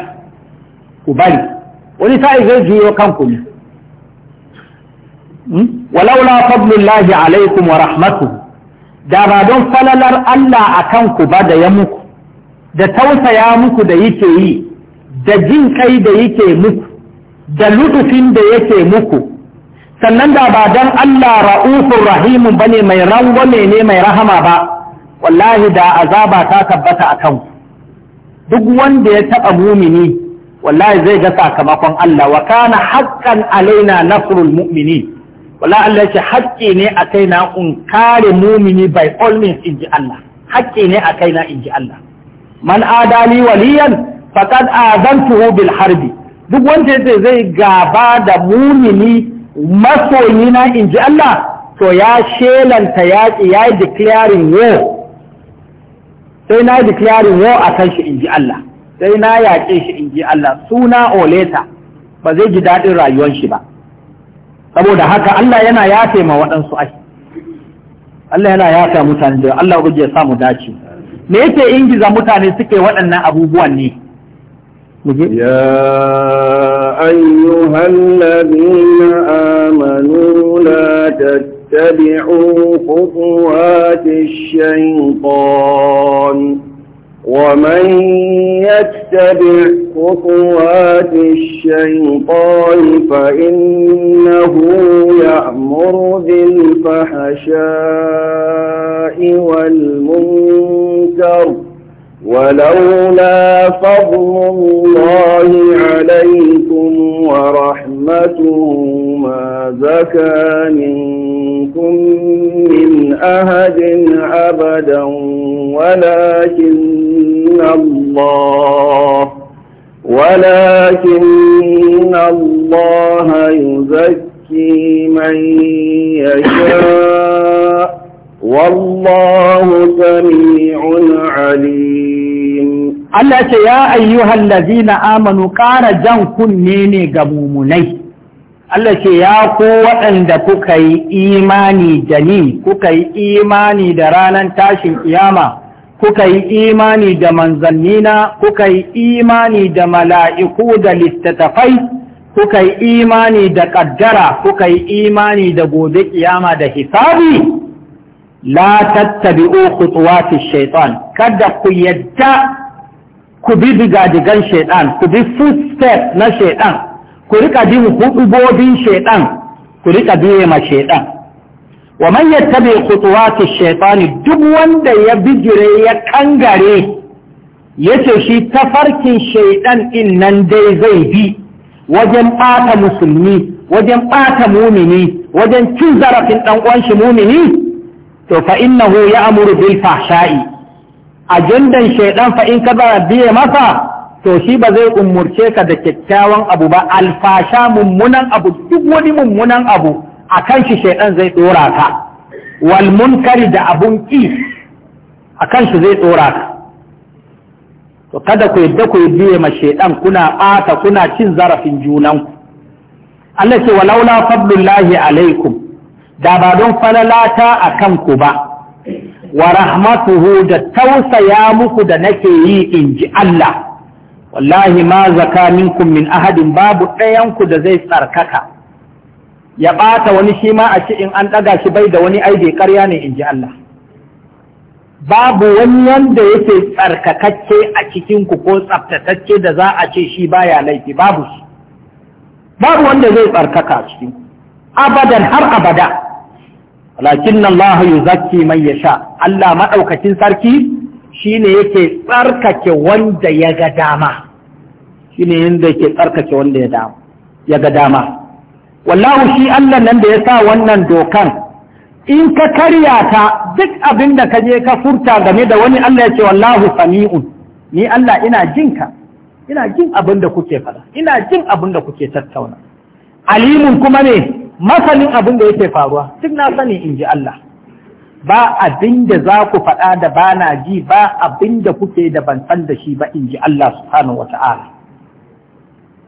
ku bari wani sa'i zai juyo kanku ne Hmm? walaula fadlullahi alaikum wa rahmatu. da ba don falalar Allah a kanku ba da ya muku da tausaya muku da yake yi da jin kai da yake muku da lutufin da yake muku sannan da ba don Allah ra'ufin rahimun bane mai rangwame ne mai rahama ba wallahi da azaba ta tabbata a kanku duk wanda ya taɓa mumini wallahi zai ga sakamakon Allah wa kana haƙƙan alaina nasrul mu'minin wala Allah ce haƙƙi ne a na in kare mumini by all means in ji Allah haƙƙi ne a na in ji Allah man adali waliyan faqad azantuhu bil harbi duk wanda yace zai gaba da mumini masoyi na in ji Allah to ya shelanta yaƙi ya yi declaring war sai na declaring war a kan shi in ji Allah sai na yaƙe shi in ji Allah suna oleta ba zai ji daɗin rayuwar shi ba saboda haka Allah yana yafe ma waɗansu ai Allah yana yafe mutane da Allah ya sa mu dace me yake ingiza mutane suke waɗannan abubuwan ne يا أيها الذين آمنوا لا تتبعوا خطوات الشيطان ومن يتبع خطوات الشيطان فإنه يأمر بالفحشاء والمنكر ولولا فضل الله عليكم ورحمته ما زكى منكم من أهد أبدا ولكن ولكن الله ya الله يزكي من يشاء والله سميع عليم Allah ce ya ayyuhal lazina amanu ƙara jan kunne ne ga mumunai. Allah ce ya ko waɗanda kuka yi imani da ni, kuka yi imani da ranar tashin kiyama, kuka yi imani da manzannina kuka yi imani da mala'iku da littattafai kuka yi imani da ƙaddara kuka yi imani da gobe ƙiyama da hisabi la tattabi uku tsuwafi shaitan kada ku yadda ku bi digadigan shaitan ku bi footstep na shaitan ku rika bi hudubobin shaitan ku rika biye ma shaitan wa man yattabi khutuwati shaytani duk wanda ya bijire ya kangare yace shi tafarkin shaiɗan din nan dai zai bi wajen ɓata musulmi wajen ɓata mumini wajen cin zarafin ɗan uwan shi mumini to fa innahu ya'muru bil fahsha'i ajandan shaiɗan fa in ka biye masa to shi ba zai umurce ka da kyakkyawan abu ba alfasha mummunan abu duk wani mummunan abu a kan shi shaidan zai ɗora ka wal munkari da abun ƙi a kan shi zai ɗora ka to kada ku yadda ku biye ma shaidan kuna ɓata kuna cin zarafin junanku Allah ce wa laula fadlullahi alaikum da ba don falalata a kanku ba wa rahmatu hu, da tausaya muku da nake yi in ji Allah wallahi ma zaka minkum min ahadin babu ɗayanku da zai tsarkaka ya ɓata wani shi ma a ce in an ɗaga shi bai da wani aibe ƙarya ne in ji Allah babu wani wanda yake tsarkakacce a cikinku ko tsaftatacce da za a ce shi baya laifi babu shi babu wanda zai tsarkaka a cikin abadan har abada lakin nan Allah mai ya yasha Allah maɗaukacin sarki ne yake tsarkake wanda ya ga dama yake tsarkake wanda ya ga dama wallahu shi Allah nan da ya sa wannan dokan in ka karya ta duk abin da ka je ka furta game da wani Allah ya ce wallahu sami'un ni Allah ina jin ka, ina jin abin da kuke faɗa. ina jin abin da kuke tattauna alimun kuma ne masanin abin da yake faruwa duk na sani in ji Allah ba abin da za ku faɗa da ba na ji ba abin da kuke da ban san da shi ba in ji Allah subhanahu wata'ala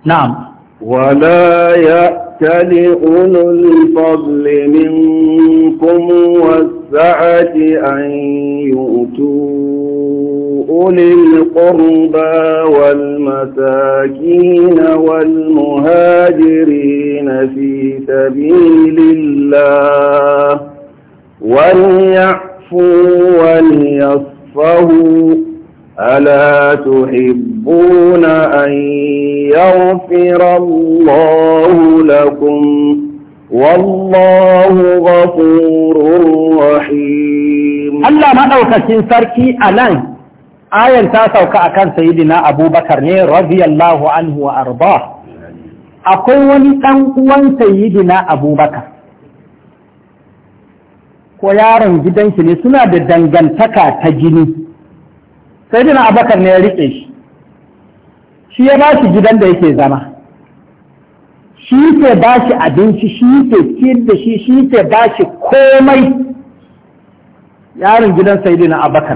na'am ولا يأتل أولو الفضل منكم والسعة أن يؤتوا أولي القربى والمساكين والمهاجرين في سبيل الله وليعفوا وليصفهوا ألا تحبون أن يغفر الله لكم والله غفور رحيم الله ما أوكسين سركي ألان آية تاسوك أكان سيدنا أبو بكر رضي الله عنه وأرضاه akwai wani ɗan uwan sayyidina abubakar ko yaron gidanshi ne suna da dangantaka ta jini sai dina abakar ne ya riƙe shi shi ya ba shi gidan da yake zama shi ke ba shi abinci shi ke ciyar da shi shi ke ba shi komai yaron gidan sayidina abakar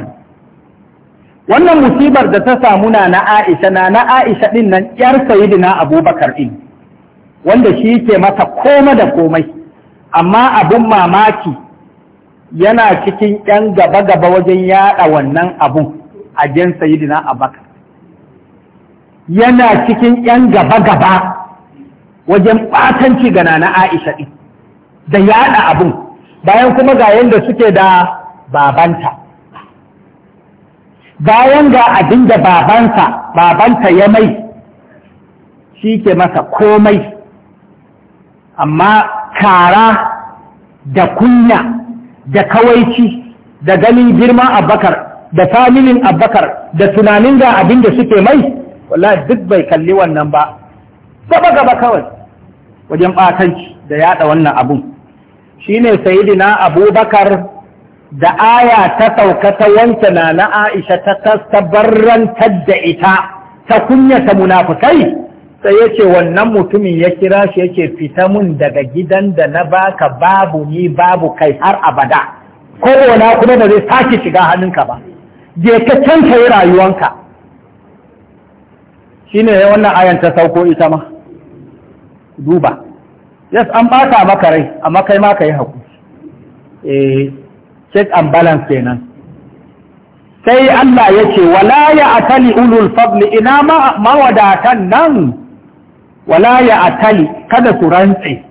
wannan musibar da ta samu na na aisha na na aisha din nan yar sayidina abubakar din wanda shi ke mata koma da komai amma abun mamaki yana cikin 'yan gaba-gaba wajen yaɗa wannan abun a sayidina abakar yana cikin ‘yan gaba-gaba wajen ɓatanci gana na Aisha ɗin da yaɗa abin bayan kuma ga yadda suke da babanta bayan ga abin da babansa babanta ya mai shi ke masa komai amma kara da kunya da kawaici da ganin girman abakar da familin abbakar da tunanin ga abin da suke mai wallahi duk bai kalli wannan ba gaba gaba kawai wajen batanci da yada wannan abun shine sayidina abubakar da aya ta sauka ta wanke na na aisha ta tabarrantar da ita ta kunyata munafukai sai ya ce wannan mutumin ya kira shi yake fita mun daga gidan da na baka babu ni babu kai har abada ko na kuma da zai sake shiga hannunka ba je ka can ka yi rayuwanka Shi ne wannan ayan ta sauko ita ma duba yes an bata maka rai amma kai ma ka yi haƙuri eh check and balance kenan sai Allah ya ce wala ya atali ulul fadli ina mawadatan nan wala ya atali kada su rantse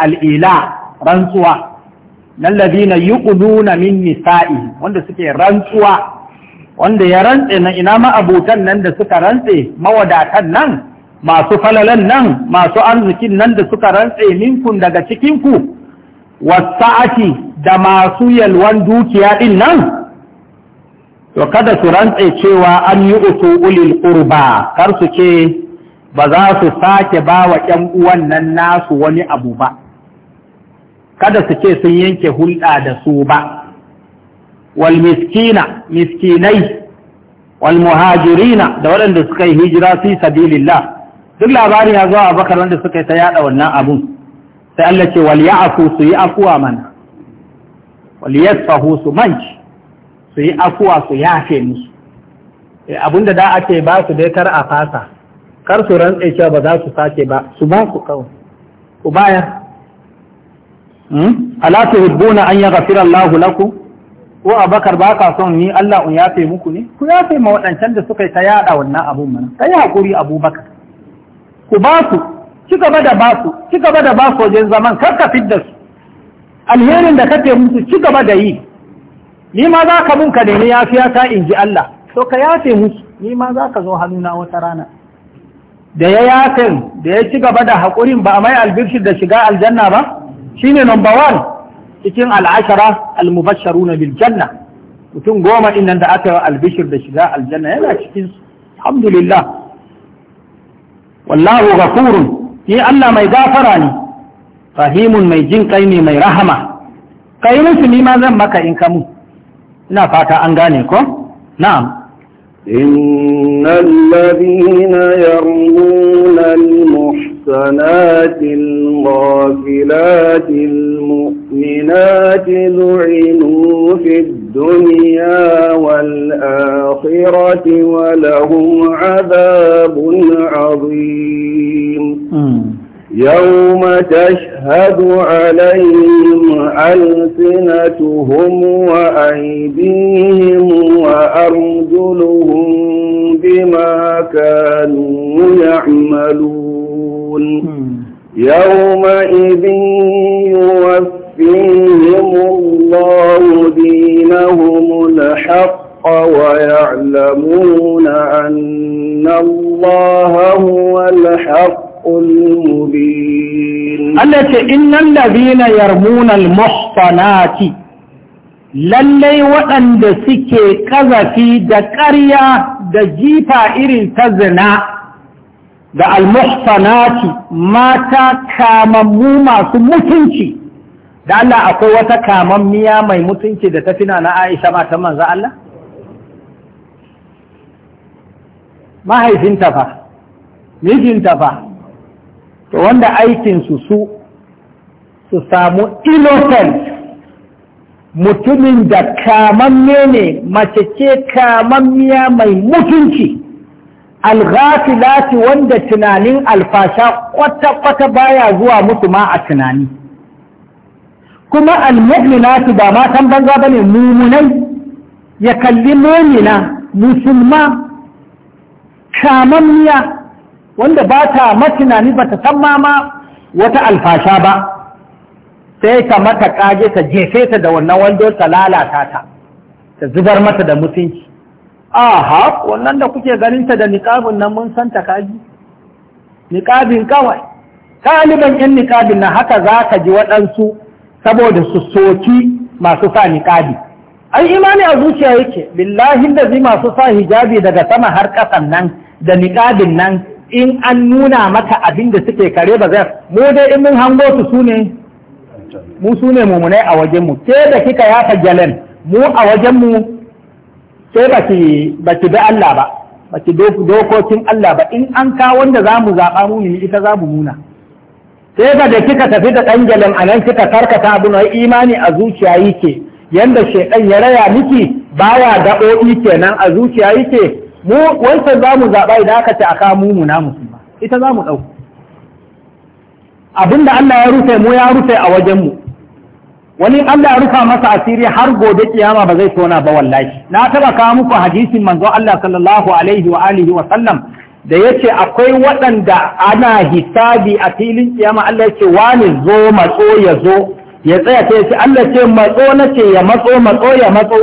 al'ila rantsuwa nan ladina yuquduna min nisa'i wanda suke rantsuwa wanda ya rantse na ina ma abutan nan da suka rantse mawadatan nan masu falalan nan masu arzikin nan da suka rantse minkun daga cikinku wasa'ati da masu yalwan dukiya din nan to kada su rantse cewa an yi usu ulil qurba kar su ce ba za su sake ba wa ƴan uwan nan nasu wani abu ba kada su ce sun yanke hulɗa da su ba wal miskina miskinai wal da waɗanda suka yi hijira fi sabilillah duk labarin ya zo a bakar wanda suka yi ta yada wannan abun sai Allah ce wal ya'fu su yi afuwa mana wal yasfahu su manci su yi afuwa su yafe E abunda da ake ba su dai kar a fasa kar su rantse cewa ba za su sake ba su ba su kawai ku baya ala tuhibbuna an yaghfira Allahu lakum ko abakar ba ka son ni Allah un yafe muku ne ku yafe ma waɗancan da suka yi ta yaɗa wannan abun mana kai hakuri abubakar ku ba su ci gaba da ba su ci gaba da ba su wajen zaman kar ka fidda su alherin da kake musu ci gaba da yi ni ma za ka mun ka nemi yafiya ta in ji Allah to ka yafe musu ni ma za ka zo hannuna wata rana da ya yafe da ya ci gaba da haƙurin ba a mai albishir da shiga aljanna ba shine number one cikin al'ashara al-mubashsharuna bil janna mutum goma din nan da aka yi al-bishr da shiga aljanna yana cikin alhamdulillah wallahu ghafurun ni Allah mai gafara ne rahimun mai jin kai ne mai rahama kai ne su ma zan maka in kamu ina fata an gane ko na'am in alladhina yarmuna al-muhsin المحسنات الغافلات المؤمنات لعنوا في الدنيا والآخرة ولهم عذاب عظيم يوم تشهد عليهم ألسنتهم وأيديهم وأرجلهم بما كانوا يعملون يومئذ يوفيهم الله دينهم الحق ويعلمون أن الله هو الحق المبين التي إن الذين يرمون المحصنات lallai waɗanda suke ƙazafi da ƙarya da jifa irin ta zina da almuhsanati mata kamammu masu mutunci da Allah akwai wata kamammiya mai mutunci da ta fina na Aisha matan manzo Allah mahaifinta fa mijinta fa to wanda aikinsu su su samu innocent mutumin da kamamme ne mace ce kamammiya mai mutunci alghafilati wanda tunanin alfasha kwata-kwata baya zuwa musu ma a tunani kuma almu'minatu ba matan banza bane mumunai ya kalli mumina musulma kamammiya wanda ba ta matunani ba ta san ma wata alfasha ba sai ta mata kage ta jefe ta da wannan wando ta lalata ta ta zubar mata da mutunci aha wannan da kuke ganinta da niƙabin nan mun san kaji niƙabin kawai ɗaliban yan niƙabin nan haka za ka ji waɗansu saboda su soki masu sa niƙabi ai imani a zuciya yake billahi da zai masu sa hijabi daga sama har ƙasan nan da niƙabin nan in an nuna mata abin da suke kare ba zai mu dai in mun hango su sune mu sune mumunai a mu ke da kika yafa jalen mu a wajen mu. sai ba ki bi Allah ba ba ki dokokin Allah ba in an ka wanda za mu zaɓa mu yi ita za mu nuna sai ga da kika tafi da ɗan a nan kika karkata abu na imani a zuciya yake yanda shaidan ya raya miki baya gaɓoɓi kenan a zuciya yake mu wancan za mu zaɓa idan aka ce a kawo mu muna musulma ita za mu ɗau abinda Allah ya rufe mu ya rufe a wajen mu wani Allah ya rufa masa asiri har gobe kiyama ba zai tona ba wallahi na taba kawo muku hadisin manzo Allah sallallahu alaihi wa alihi wa sallam da yace akwai waɗanda ana hisabi a filin kiyama Allah yace wani zo matso ya zo ya tsaya sai yace Allah ce matso nace ya matso matso ya matso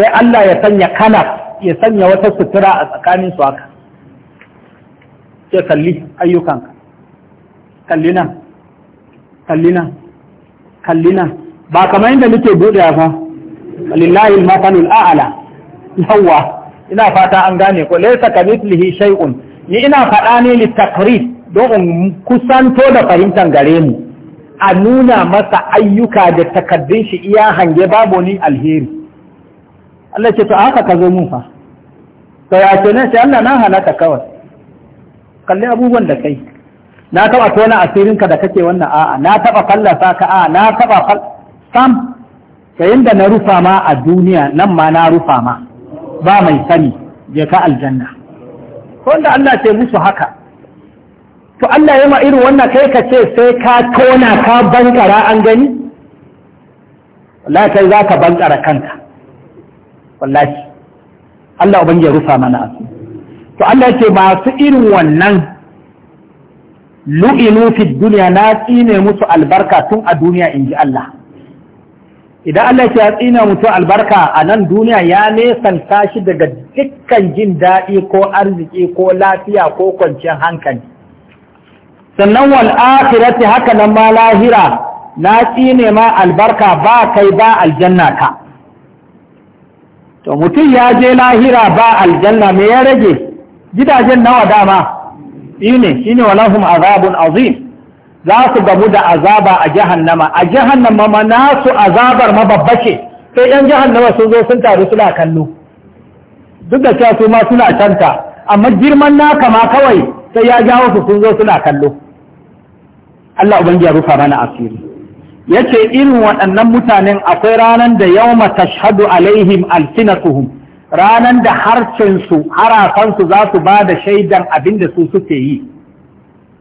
sai Allah ya sanya kana ya sanya wata sutura a tsakanin su haka sai kalli ayyukanka kalli nan kalli nan kalli ba kamar yadda muke bude fa lillahi al-mafalul a'la yawa ina fata an gane ko laysa kamithlihi shay'un ni ina faɗa ne li don in kusanto da fahimtar gare mu a nuna masa ayyuka da takaddun shi iya hange babu ni alheri Allah ce to haka ka zo mun fa to ya ce ne sai Allah na halaka kawai kalli abubuwan da kai na taba tona asirin ka da kake wannan a'a na taba fallasa ka a'a na taba fal sam sayin da na rufa ma a duniya nan ma na rufa ma ba mai sani je ka aljanna wanda Allah ce musu haka to Allah ya ma irin wannan kai ka ce sai ka tona ka bankara an gani wallahi kai za ka bankara kanka wallahi Allah ubangiji ya rufa mana asiri to Allah ya ce masu irin wannan lu'inu fi duniya na tsine musu albarka tun a duniya in ji Allah idan Allah ya tsine mutu albarka a nan duniya ya nesanta tashi daga dukkan jin daɗi ko arziki ko lafiya ko kwanciyar hankali sannan wal akhirati haka nan ma lahira na tsine ma albarka ba kai ba aljanna ka to mutum ya je lahira ba aljanna me ya rage gidajen nawa dama shine shine walahum azabun azim za su gamu da azaba a jahannama a jahannama ma nasu azabar ma babba ce sai yan jahannama sun zo sun taru suna kallo duk da cewa su ma suna canta amma girman naka ma kawai sai ya jawo su sun zo suna kallo Allah ubangiya rufa mana asiri yace irin waɗannan mutanen akwai ranan da yawma tashhadu alaihim alsinatuhum ranan da harcensu harafansu za su ba da shaidan abin da su suke yi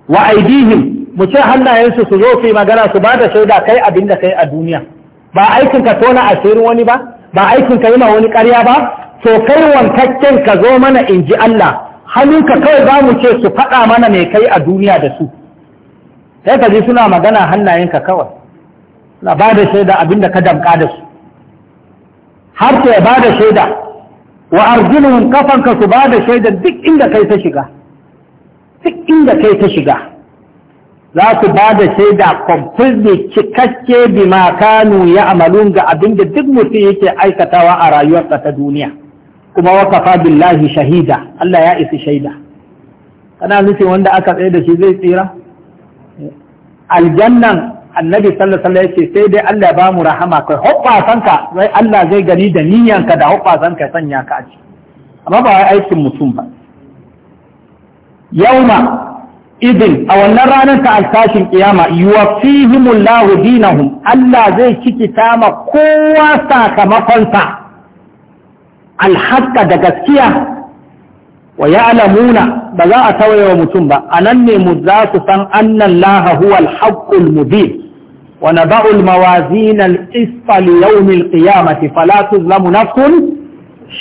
wa aidihim mu ce hannayensu su zo fi magana su ba da shaida kai abin da kai a duniya ba aikin ka tona asirin wani ba ba aikin ka yi ma wani karya ba to kai wankakken ka zo mana in ji Allah hannunka kawai za mu ce su faɗa mana mai kai a duniya da su sai ka ji suna magana hannayenka kawai na ba da shaida abin da ka damƙa da su har ta ba da shaida wa arjuluhum kafanka su ba da shaidar duk inda kai ta shiga duk inda kai ta shiga za su ba da shaida completely cikakke bi ma kanu ya amalun ga abin da duk mutum yake aikatawa a rayuwarsa ta duniya kuma wakafa billahi shahida Allah ya isi shaida kana nufin wanda aka tsaye da shi zai tsira aljannan annabi sallallahu alaihi wasallam sai dai Allah ya bamu rahama kai hoppasanka sai Allah zai gani da niyyanka da hoppasanka sanya ka a ciki amma ba wai aikin mutum ba yauma idin a wannan ranar ta altashin kiyama yuwaffihimul lahu dinahum Allah zai ta ma kowa sakamakonsa alhaqqa da gaskiya wa ya'lamuna ba za a tawaye wa mutum ba anan ne mu za su san annan laha huwa alhaqqul mubin ونضع الموازين القسط ليوم القيامة فلا تظلم نفس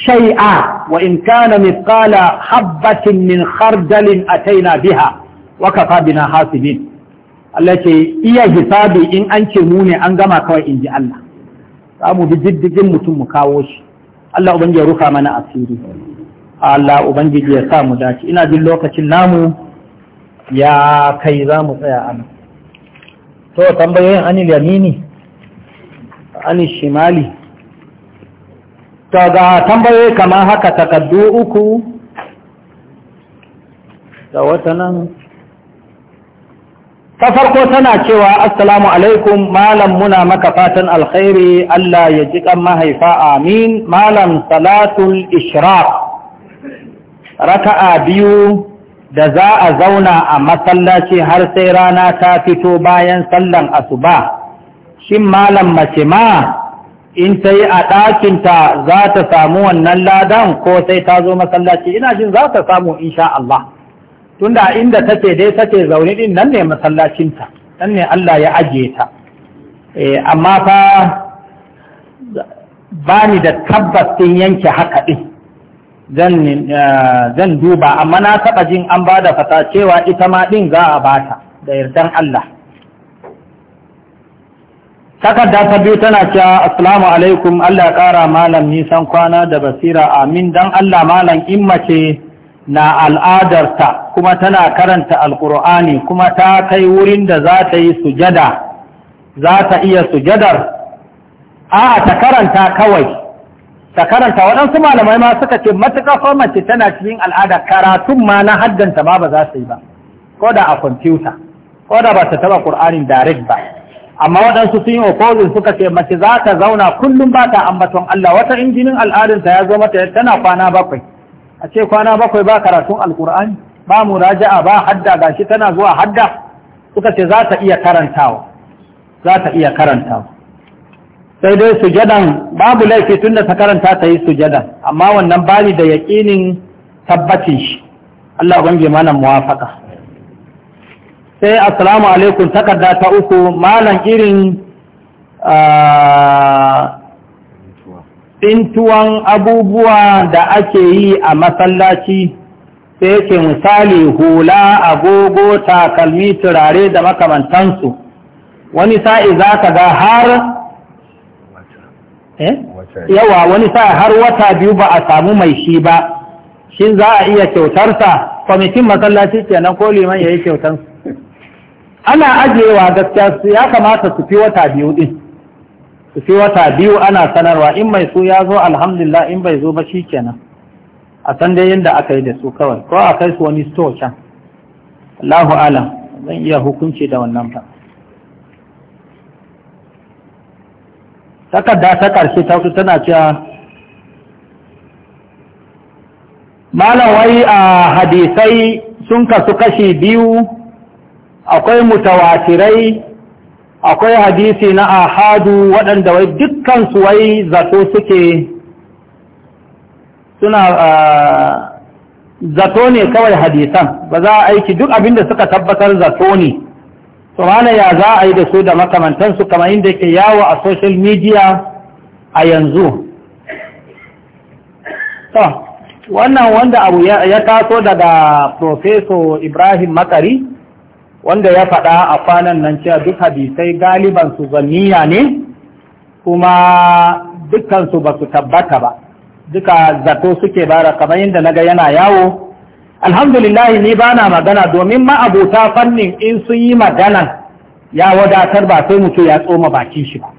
شيئا وإن كان مثقال حبة من خردل أتينا بها وكفى بنا حاسبين التي هي حسابي إن أنت موني أنجما كوي إن جاء الله أمو بجد diddigin mutum mu الله أبنجي Allah ubangiji أسيري الله أبنجي asiri Allah ubangiji ya sa mu dace ina jin lokacin to tambayoyin anil yamini anil shimali to ga tambayoyi kamar haka takaddu uku da wata nan ta farko tana cewa assalamu alaikum malam muna maka fatan alkhairi Allah ya ji kan mahaifa amin malam salatul ishraq raka'a biyu da za a zauna a masallaci har sai rana ta fito bayan sallan asuba shin malam mace ma in ta yi a ɗakinta za ta samu wannan ladan ko sai ta zo masallaci ina jin za ta samu insha Allah tunda inda take dai take zaune din nan ne masallacinta nan ne Allah ya ajiye ta eh, amma fa ba ni da tabbas yanke haka din. Eh, zan duba amma na taɓa jin an ba da fata cewa ita ma ɗin za a bata da yardan Allah takarda ta biyu tana cewa assalamu alaikum Allah ƙara malam nisan kwana da basira amin dan Allah malam in mace na al'adarta kuma tana karanta alƙur'ani kuma ta kai wurin da za ta yi sujada za ta iya sujadar a ta karanta kawai ta karanta waɗansu malamai ma suka ce matuƙa mace tana cikin al'ada karatun ma na haddanta ma ba za su yi ba ko da a kwamfuta ko da ba ta taɓa ƙur'anin direct ba amma waɗansu sun yi opposing suka ce mace za ta zauna kullum ba ta ambaton Allah wata injinin al'adunta ya zo mata tana kwana bakwai a ce kwana bakwai ba karatun alƙur'ani ba muraja'a ba hadda gashi tana zuwa hadda suka ce za ta iya karantawa za ta iya karantawa sai dai sujadan babu laifi tun da ta karanta ta yi sujadan amma wannan bani da yaƙinin tabbacin shi Allah ubangi mana muwafaka sai assalamu alaikum takarda ta uku malam irin tsintuwan abubuwa da ake yi a masallaci sai ke misali hula agogo takalmi turare da makamantansu wani sa'i za ka ga har Eh? yawa wani sa har wata biyu ba a samu mai shi ba shi za a iya kyautarsa kwamitin masallaci kenan ko liman ya yi kyautar ana ajiyewa gaskiya su ya kamata su fi wata biyu din su fi wata biyu ana sanarwa in mai su ya zo alhamdulillah in bai zo ba shi ke nan, a san dai yadda aka yi da su kawai ko a kai su wani store can Allahu alam zan iya hukunci da wannan ba takarda ta ƙarshe ta su tana cewa malawai a hadisai sun kasu kashi biyu akwai mutawatirai akwai hadisi na ahadu waɗanda wai dukkan wai zato suke suna zato ne kawai hadisan ba za a aiki duk abinda suka tabbatar zato ne mana ya za a yi da su da makamantansu kamar inda ke yawo a social media a yanzu to wannan wanda abu ya taso daga Profeso ibrahim makari wanda ya faɗa a kwanan nan cewa duk hadisai galiban su zanniya ne kuma dukansu ba su tabbata ba duka zato suke bara kamar inda na ga yana yawo alhamdulillah ni ba na magana domin ma'abota fannin in sun yi magana ya wadatar ba sai mutu ya tsoma bakin shi ba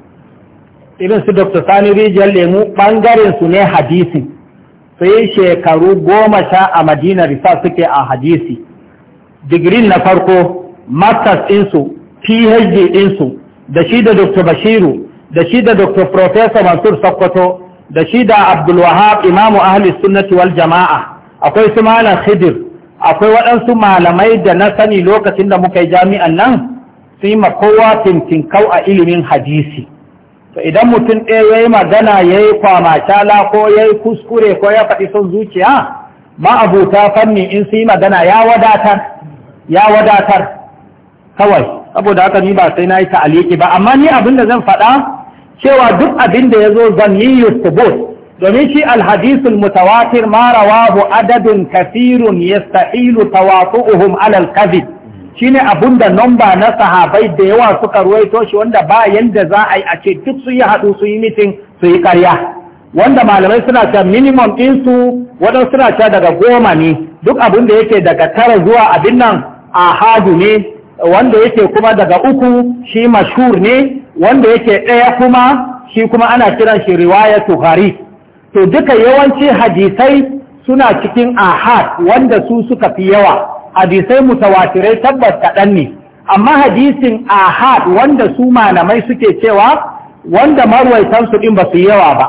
irin su dr sani rijiyar lemu ɓangaren su ne hadisi sai shekaru goma sha a madina risa suke a hadisi digirin na farko masters ɗinsu phd ɗinsu da shi da dr bashiru da shi da dr professor mansur sokoto da shi da abdulwahab imamu ahli sunnati wal jama'a akwai su malam khidir akwai waɗansu malamai da na sani lokacin da muka yi jami'an nan su yi kowa fintinkau a ilimin hadisi to idan mutum ɗaya ya yi magana ya yi kwamashala ko ya yi kuskure ko ya faɗi son zuciya ma'abuta fanni in su yi magana ya wadatar ya wadatar kawai saboda haka ni ba sai na yi ta'aliki ba amma ni abin da zan faɗa cewa duk abin da ya zo zan yi yustubot domin shi alhadisul mutawatir ma rawahu adadun kathirun yastahilu tawatu'uhum alal ne shine da nomba na sahabai da yawa suka ruwaito shi wanda ba yanda za a yi a ce duk su yi haɗu su yi mitin su yi karya. wanda malamai suna ta minimum ɗinsu waɗansu suna ta daga goma ne duk abin da yake daga tara zuwa abin nan a haju ne wanda yake kuma daga uku shi mashhur ne wanda yake ɗaya kuma shi kuma ana kiran shi riwaya tuhari to duka yawanci hadisai suna cikin ahad wanda su suka fi yawa hadisai mutawatirai tabbas kaɗan ne amma hadisin ahad wanda su malamai suke cewa wanda marwaitansu ɗin ba su yawa ba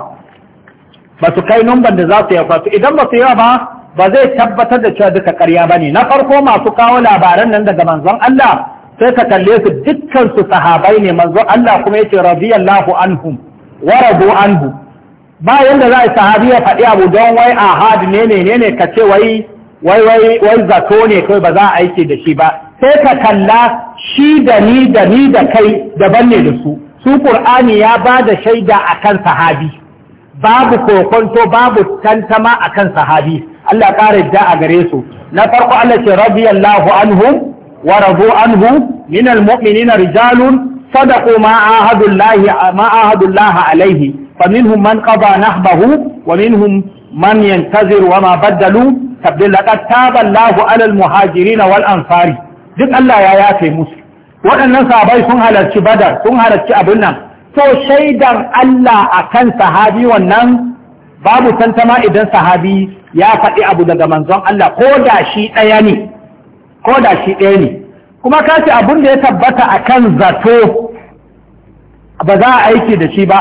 ba su kai numban da za su yawa idan ba su yawa ba ba zai tabbatar da cewa duka ƙarya ba ne na farko masu kawo labaran nan daga manzon Allah sai ka kalle su dukkan su sahabai ne manzon Allah kuma yace radiyallahu anhum wa radu anhu ba yanda za a sahabi ya faɗi abu don wai a hadu ne ne ne ka ce wai wai wai wai zato ne kai ba za a aiki da shi ba sai ka kalla shi da ni da ni da kai daban ne da su su qur'ani ya ba da shaida akan sahabi babu kokonto babu tantama akan sahabi Allah ƙara da a gare su na farko Allah ce radiyallahu anhu wa radu anhu min muminina rijalun sadaqu ma ahadu Allah ma alaihi فمنهم من قضى نحبه ومنهم من ينتظر وما بدلوا تبدل لقد تاب الله على المهاجرين والأنصار duk Allah ya yafe musu waɗannan sahabai sun halarci badar sun halarci abin nan to shaidar Allah akan sahabi wannan babu tantama idan sahabi ya faɗi abu daga manzon Allah ko da shi ɗaya ne ko da shi ɗaya ne kuma ka abun da ya tabbata akan zato ba za a aiki da shi ba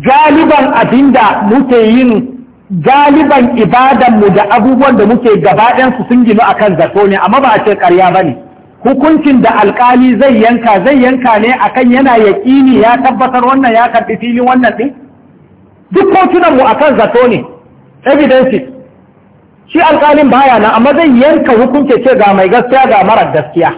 galiban da muke yin galiban ibadanmu da abubuwan da muke gabaɗansu sun a akan zato ne amma ba a ce ƙarya ba ne hukuncin da alkali zai yanka zai yanka ne akan yana yaƙini ya tabbatar wannan ya karɓi filin wannan ɗin duk kotunanmu akan zato ne evidence shi alkalin baya nan amma zai yanka hukunce ce ga mai gaskiya ga marar gaskiya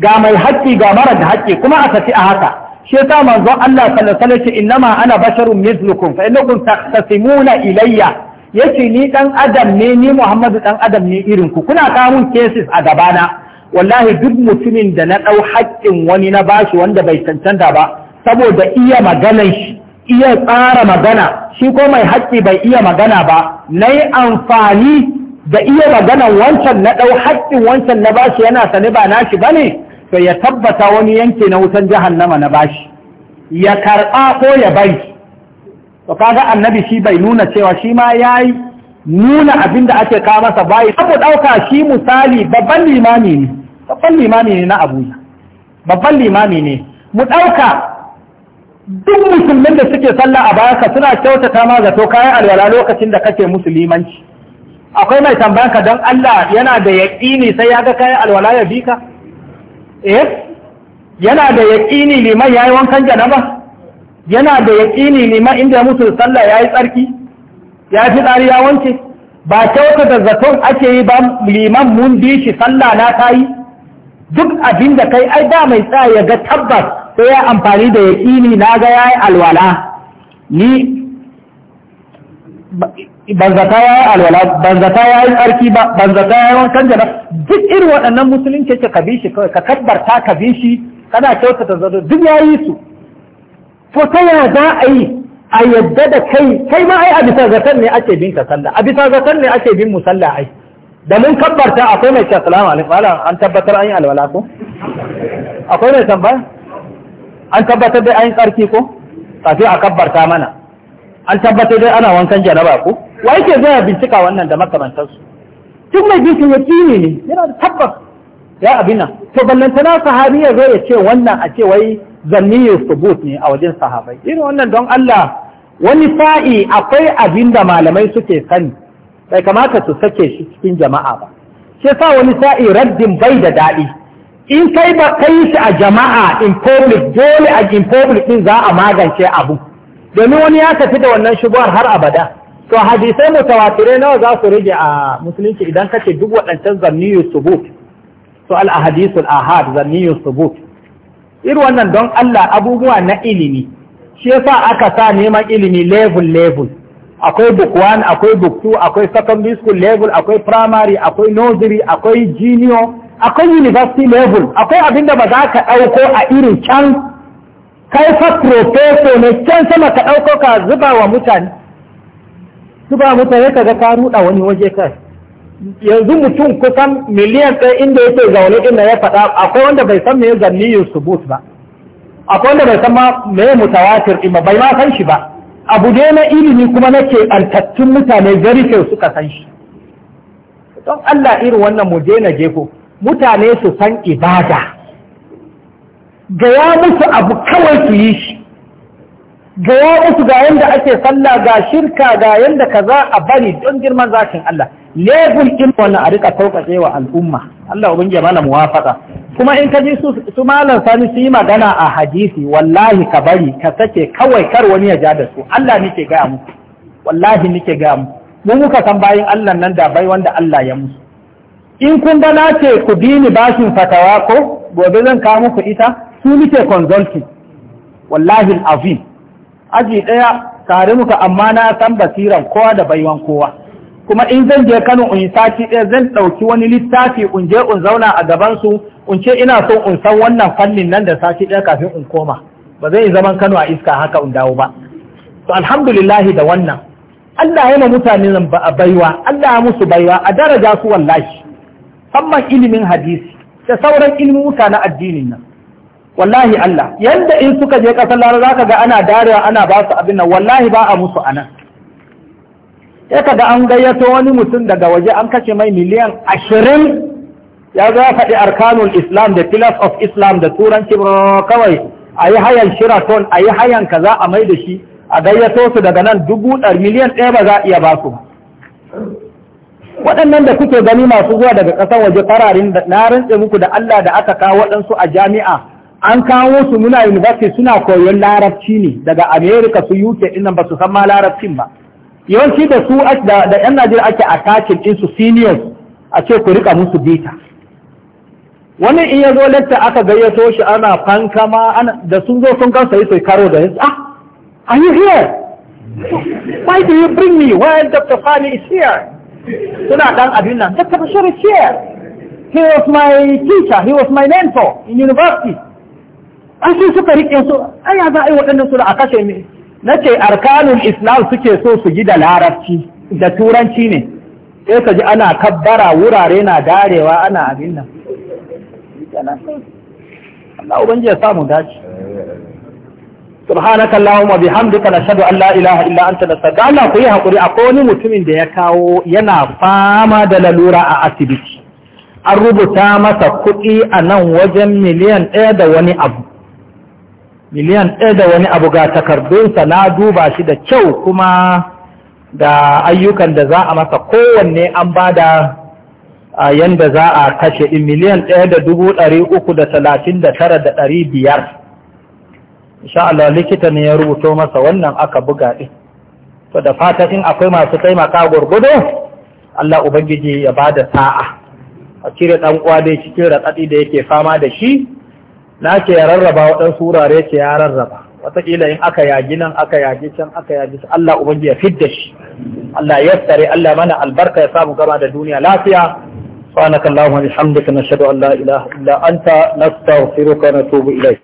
ga mai haƙƙi ga marar da haƙƙi kuma a tafi a haka shi yasa manzo Allah sallallahu alaihi wasallam innama ana basharun mithlukum fa innakum taqtasimuna ilayya yace ni dan adam ne ni Muhammadu dan adam ne irin ku kuna kawo mun cases a gabana wallahi duk mutumin da na dau haƙƙin wani na bashi wanda bai cancanta ba saboda iya maganan shi iya tsara magana shi ko mai haƙƙi bai iya magana ba na yi amfani da iya maganan wancan na ɗau haƙƙin wancan na bashi yana sane ba nashi ba ne to ya tabbata wani yanke na wutan jahannama na bashi ya karɓa ko ya bari to kaga annabi shi bai nuna cewa shi ma yayi nuna abin da ake kawo masa bayi abu ɗauka shi misali babban limami ne babban limami ne na abuja babban limami ne mu ɗauka duk musulmin da suke sallah a ka suna kyautata ma zato kayan alwala lokacin da kake musulmanci akwai mai tambayanka don Allah yana da yaƙini sai ya ga kayan alwala ya bi ka eh yana da yaƙini liman yayi wankan janaba yana da yaƙini liman inda ya mutu sallah yayi tsarki ya fi tsari ya wanke ba da zaton ake yi ba liman mun bi shi sallah na ta yi duk abin da kai ai da mai tsaya ya ga tabbas sai ya amfani da yaƙini na ga yayi alwala ni banzata ya yi alwala banzata ya yi tsarki ba banzata ya yi wankan jana duk irin waɗannan musulunci ke ka bi shi kawai ka ta ka bi shi kana kyautata zato duk ya yi su to ta yaya za a yi a yadda da kai kai ma ai a bisa zaton ne ake bin ka sallah a bisa zaton ne ake bin mu sallah ai da mun kabbarta akwai mai cewa salamu alaikum ala an tabbatar an yi alwala ko akwai mai tambaya an tabbatar da an yi tsarki ko kafin a kabbarta mana an tabbatar da ana wankan janaba ko wa yake zai bincika wannan da makamantarsu tun mai bincin ya kini ne yana da tabbas ya abin nan to ballantana sahabi ya zo ya ce wannan a ce wai ya subut ne a wajen sahabai irin wannan don Allah wani fa'i akwai abin da malamai suke sani bai kamata su sake shi cikin jama'a ba Sai sa wani sa'i raddin bai da daɗi in kai ba kai shi a jama'a in public dole a in public din za a magance abu domin wani ya tafi da wannan shubuwar har abada to hadisai mutawatirai nawa za su rage a musulunci idan kake duk waɗancan zanniyu subut to al ahadisul ahad zanniyu subut irin wannan don Allah abubuwa na ilimi shi yasa aka sa neman ilimi level level akwai book one akwai book two akwai secondary school level akwai primary akwai nursery akwai junior akwai university level akwai abinda ba za ka ɗauko a irin can kai fa professor ne can sama ka ɗauko ka zuba wa mutane suba mutane kaga ka ruɗa wani waje kai yanzu mutum kusan miliyan ɗaya inda yake zaune inda ya faɗa akwai wanda bai san meye zanniyin subut ba akwai wanda bai san ma meye mutawatir ɗin ba bai ma san shi ba abu ne na ilimi kuma na ke keɓantattun mutane gari suka san shi don Allah irin wannan mu na jeko mutane su san ibada gaya musu abu kawai su yi shi ga ya ga yanda ake sallah ga shirka ga yanda za a bari don girman zakin Allah lebul din wannan a rika sauƙaƙe wa al'umma Allah ubangiji ya mana muwafaƙa kuma in ka ji su malam sani su yi magana a hadisi wallahi ka bari ka sake kawai kar wani ya ja da su Allah nike ga mu wallahi nike ga mu mu muka san bayin Allah nan da bai wanda Allah ya musu in kun ga na ce ku bi ni bashin fatawa ko gobe zan kawo muku ita su nike consulting wallahi azim aji ɗaya tare muka amma na san basiran kowa da baiwan kowa kuma in zan je Kano in sati ɗaya zan ɗauki wani littafi in je in zauna a gaban su in ce ina so in san wannan fannin nan da sati ɗaya kafin in koma ba zai zaman Kano a iska haka in dawo ba to alhamdulillahi da wannan Allah yana mutanen nan baiwa Allah ya musu baiwa a daraja su wallahi musamman ilimin hadisi da sauran ilimin mutanen addinin nan wallahi Allah Yadda in suka je kasar lara za ka ga ana darewa ana ba su abin nan wallahi ba a musu anan ya kaga an gayyato wani mutum daga waje an kashe mai miliyan ashirin ya zo ya faɗi arkanul islam da pillars of islam da turanci kawai a yi hayan shiraton a yi hayan kaza a mai da shi a gayyato su daga nan dubu ɗar miliyan ɗaya ba za a iya ba su ba waɗannan da kuke gani masu zuwa daga ƙasar waje fararin da na rantse muku da Allah da aka kawo waɗansu a jami'a an kawo su muna university suna koyon larabci ne daga america su uk dinnan ba su san ma larabcin ba yawanci da su da yan najeriya ake attaching din su seniors a ce ku rika musu bita wani in ya zo latta aka gayyato shi ana fanka ma da sun zo sun kansa sai karo da yanzu ah are you here why do you bring me why dr fani is here suna dan abin nan dr bashir is here he was my teacher he was my mentor in university an su suka riƙe su aya za a yi waɗannan suna a kashe ne na ce arkanun islam suke so su ji larabci da turanci ne sai ka ji ana kabbara wurare na darewa ana abin nan Allah ubangi ya samu dace subhanaka allahumma bihamdika nashhadu an la ilaha illa anta nastaghfiruka Allah ku yi hakuri akwai wani mutumin da ya kawo yana fama da lalura a asibiti an rubuta masa kuɗi a nan wajen miliyan ɗaya da wani abu miliyan ɗaya da wani abu ga takardunsa na duba shi da kyau kuma da ayyukan da za a masa kowanne an ba da yadda za a kashe ɗin miliyan ɗaya da dubu ɗari uku da talatin da tara da ɗari biyar Allah likita ne ya rubuto masa wannan aka buga ɗin to da fata in akwai masu taimaka gurgudu Allah Ubangiji ya ba da sa'a a cire ɗan uwa dai cikin raɗaɗi da yake fama da shi na ce ya rarraba waɗansu wurare ce ya rarraba wataƙila in aka yaji nan aka yaji can aka yaji su Allah ubangi ya fidda shi Allah ya tsare Allah mana albarka ya samu gaba da duniya lafiya subhanakallahumma bihamdika nashhadu an la ilaha illa anta nastaghfiruka wa natubu ilayk